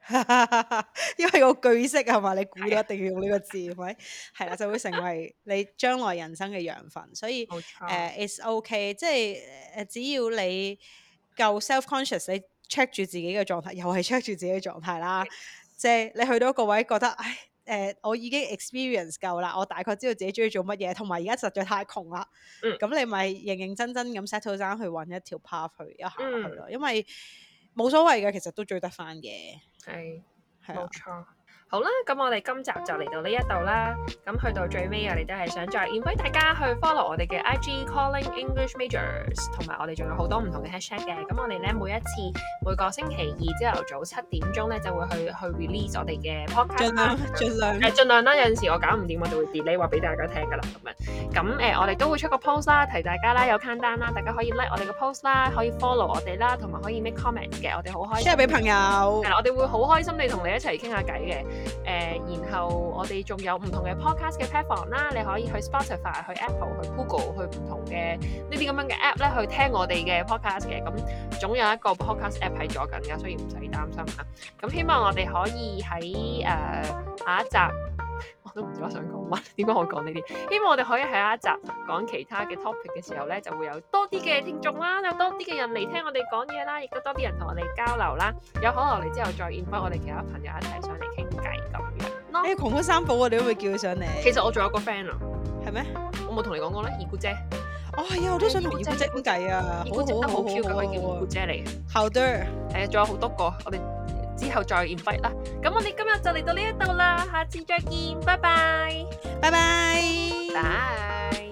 Speaker 1: 因為個句式係嘛，你估到一定要用呢個字，係咪？ 係啦，就會成為你將來人生嘅養分。所以，誒，it's okay，即係誒，只要你夠 self conscious，你 check 住自己嘅狀態，又係 check 住自己嘅狀態啦。即係 你去到個位覺得，誒，uh, 我已經 experience 夠啦，我大概知道自己中意做乜嘢，同埋而家實在太窮啦。咁、嗯、你咪認認真真咁 settle 生去揾一條 path 去一下去咯，嗯、因為。冇所謂嘅，其實都追得翻嘅，係，
Speaker 2: 係，冇錯。好啦，咁我哋今集就嚟到呢一度啦。咁去到最尾，我哋都係想再 invite 大家去 follow 我哋嘅 IG Calling English Majors，同埋 我哋仲有好多唔同嘅 hashtag 嘅。咁我哋咧每一次每個星期二朝頭早七點鐘咧就會去去 release 我哋嘅 podcast 啦量，盡、啊、量係盡、嗯、量啦。有陣時我搞唔掂，我就會 delay 話俾大家聽噶啦。咁樣咁誒，我哋都會出個 post 啦，提大家啦有 calendar 啦，大家可以 like 我哋嘅 post 啦，可以 follow 我哋啦，同埋可以 make comment 嘅。我哋好開心即係俾朋友。嗯、我哋會好開心地同你一齊傾下偈嘅。誒、呃，然後我哋仲有唔同嘅 podcast 嘅 platform 啦，你可以去 Spotify、去 Apple、去 Google、去唔同嘅呢啲咁樣嘅 app 咧，去聽我哋嘅 podcast 嘅。咁、嗯、總有一個 podcast app 喺咗緊噶，所以唔使擔心嚇。咁、嗯、希望我哋可以喺誒、呃、下一集，我都唔知我想講乜，點解我講呢啲？希望我哋可以喺下一集講其他嘅 topic 嘅時候咧，就會有多啲嘅聽眾啦，有多啲嘅人嚟聽我哋講嘢啦，亦都多啲人同我哋交流啦。有可能我哋之後再 invite 我哋其他朋友一齊上嚟傾。
Speaker 1: 哎，狂歡、no？欸、三寶啊！你可唔可以叫佢上嚟？其實我
Speaker 2: 仲有個 friend 啊，係咩嗎？我冇同你講過咧，二姑姐。哦，係、欸、啊，我都想同二姑姐傾偈啊，二姑姐得好 Q 噶，可以叫二姑姐嚟。好得的，係啊，仲有好多個，我哋之後再 invite 啦。咁我哋今日就嚟到呢一度啦，下次再見，拜拜，拜拜 bye，拜 bye。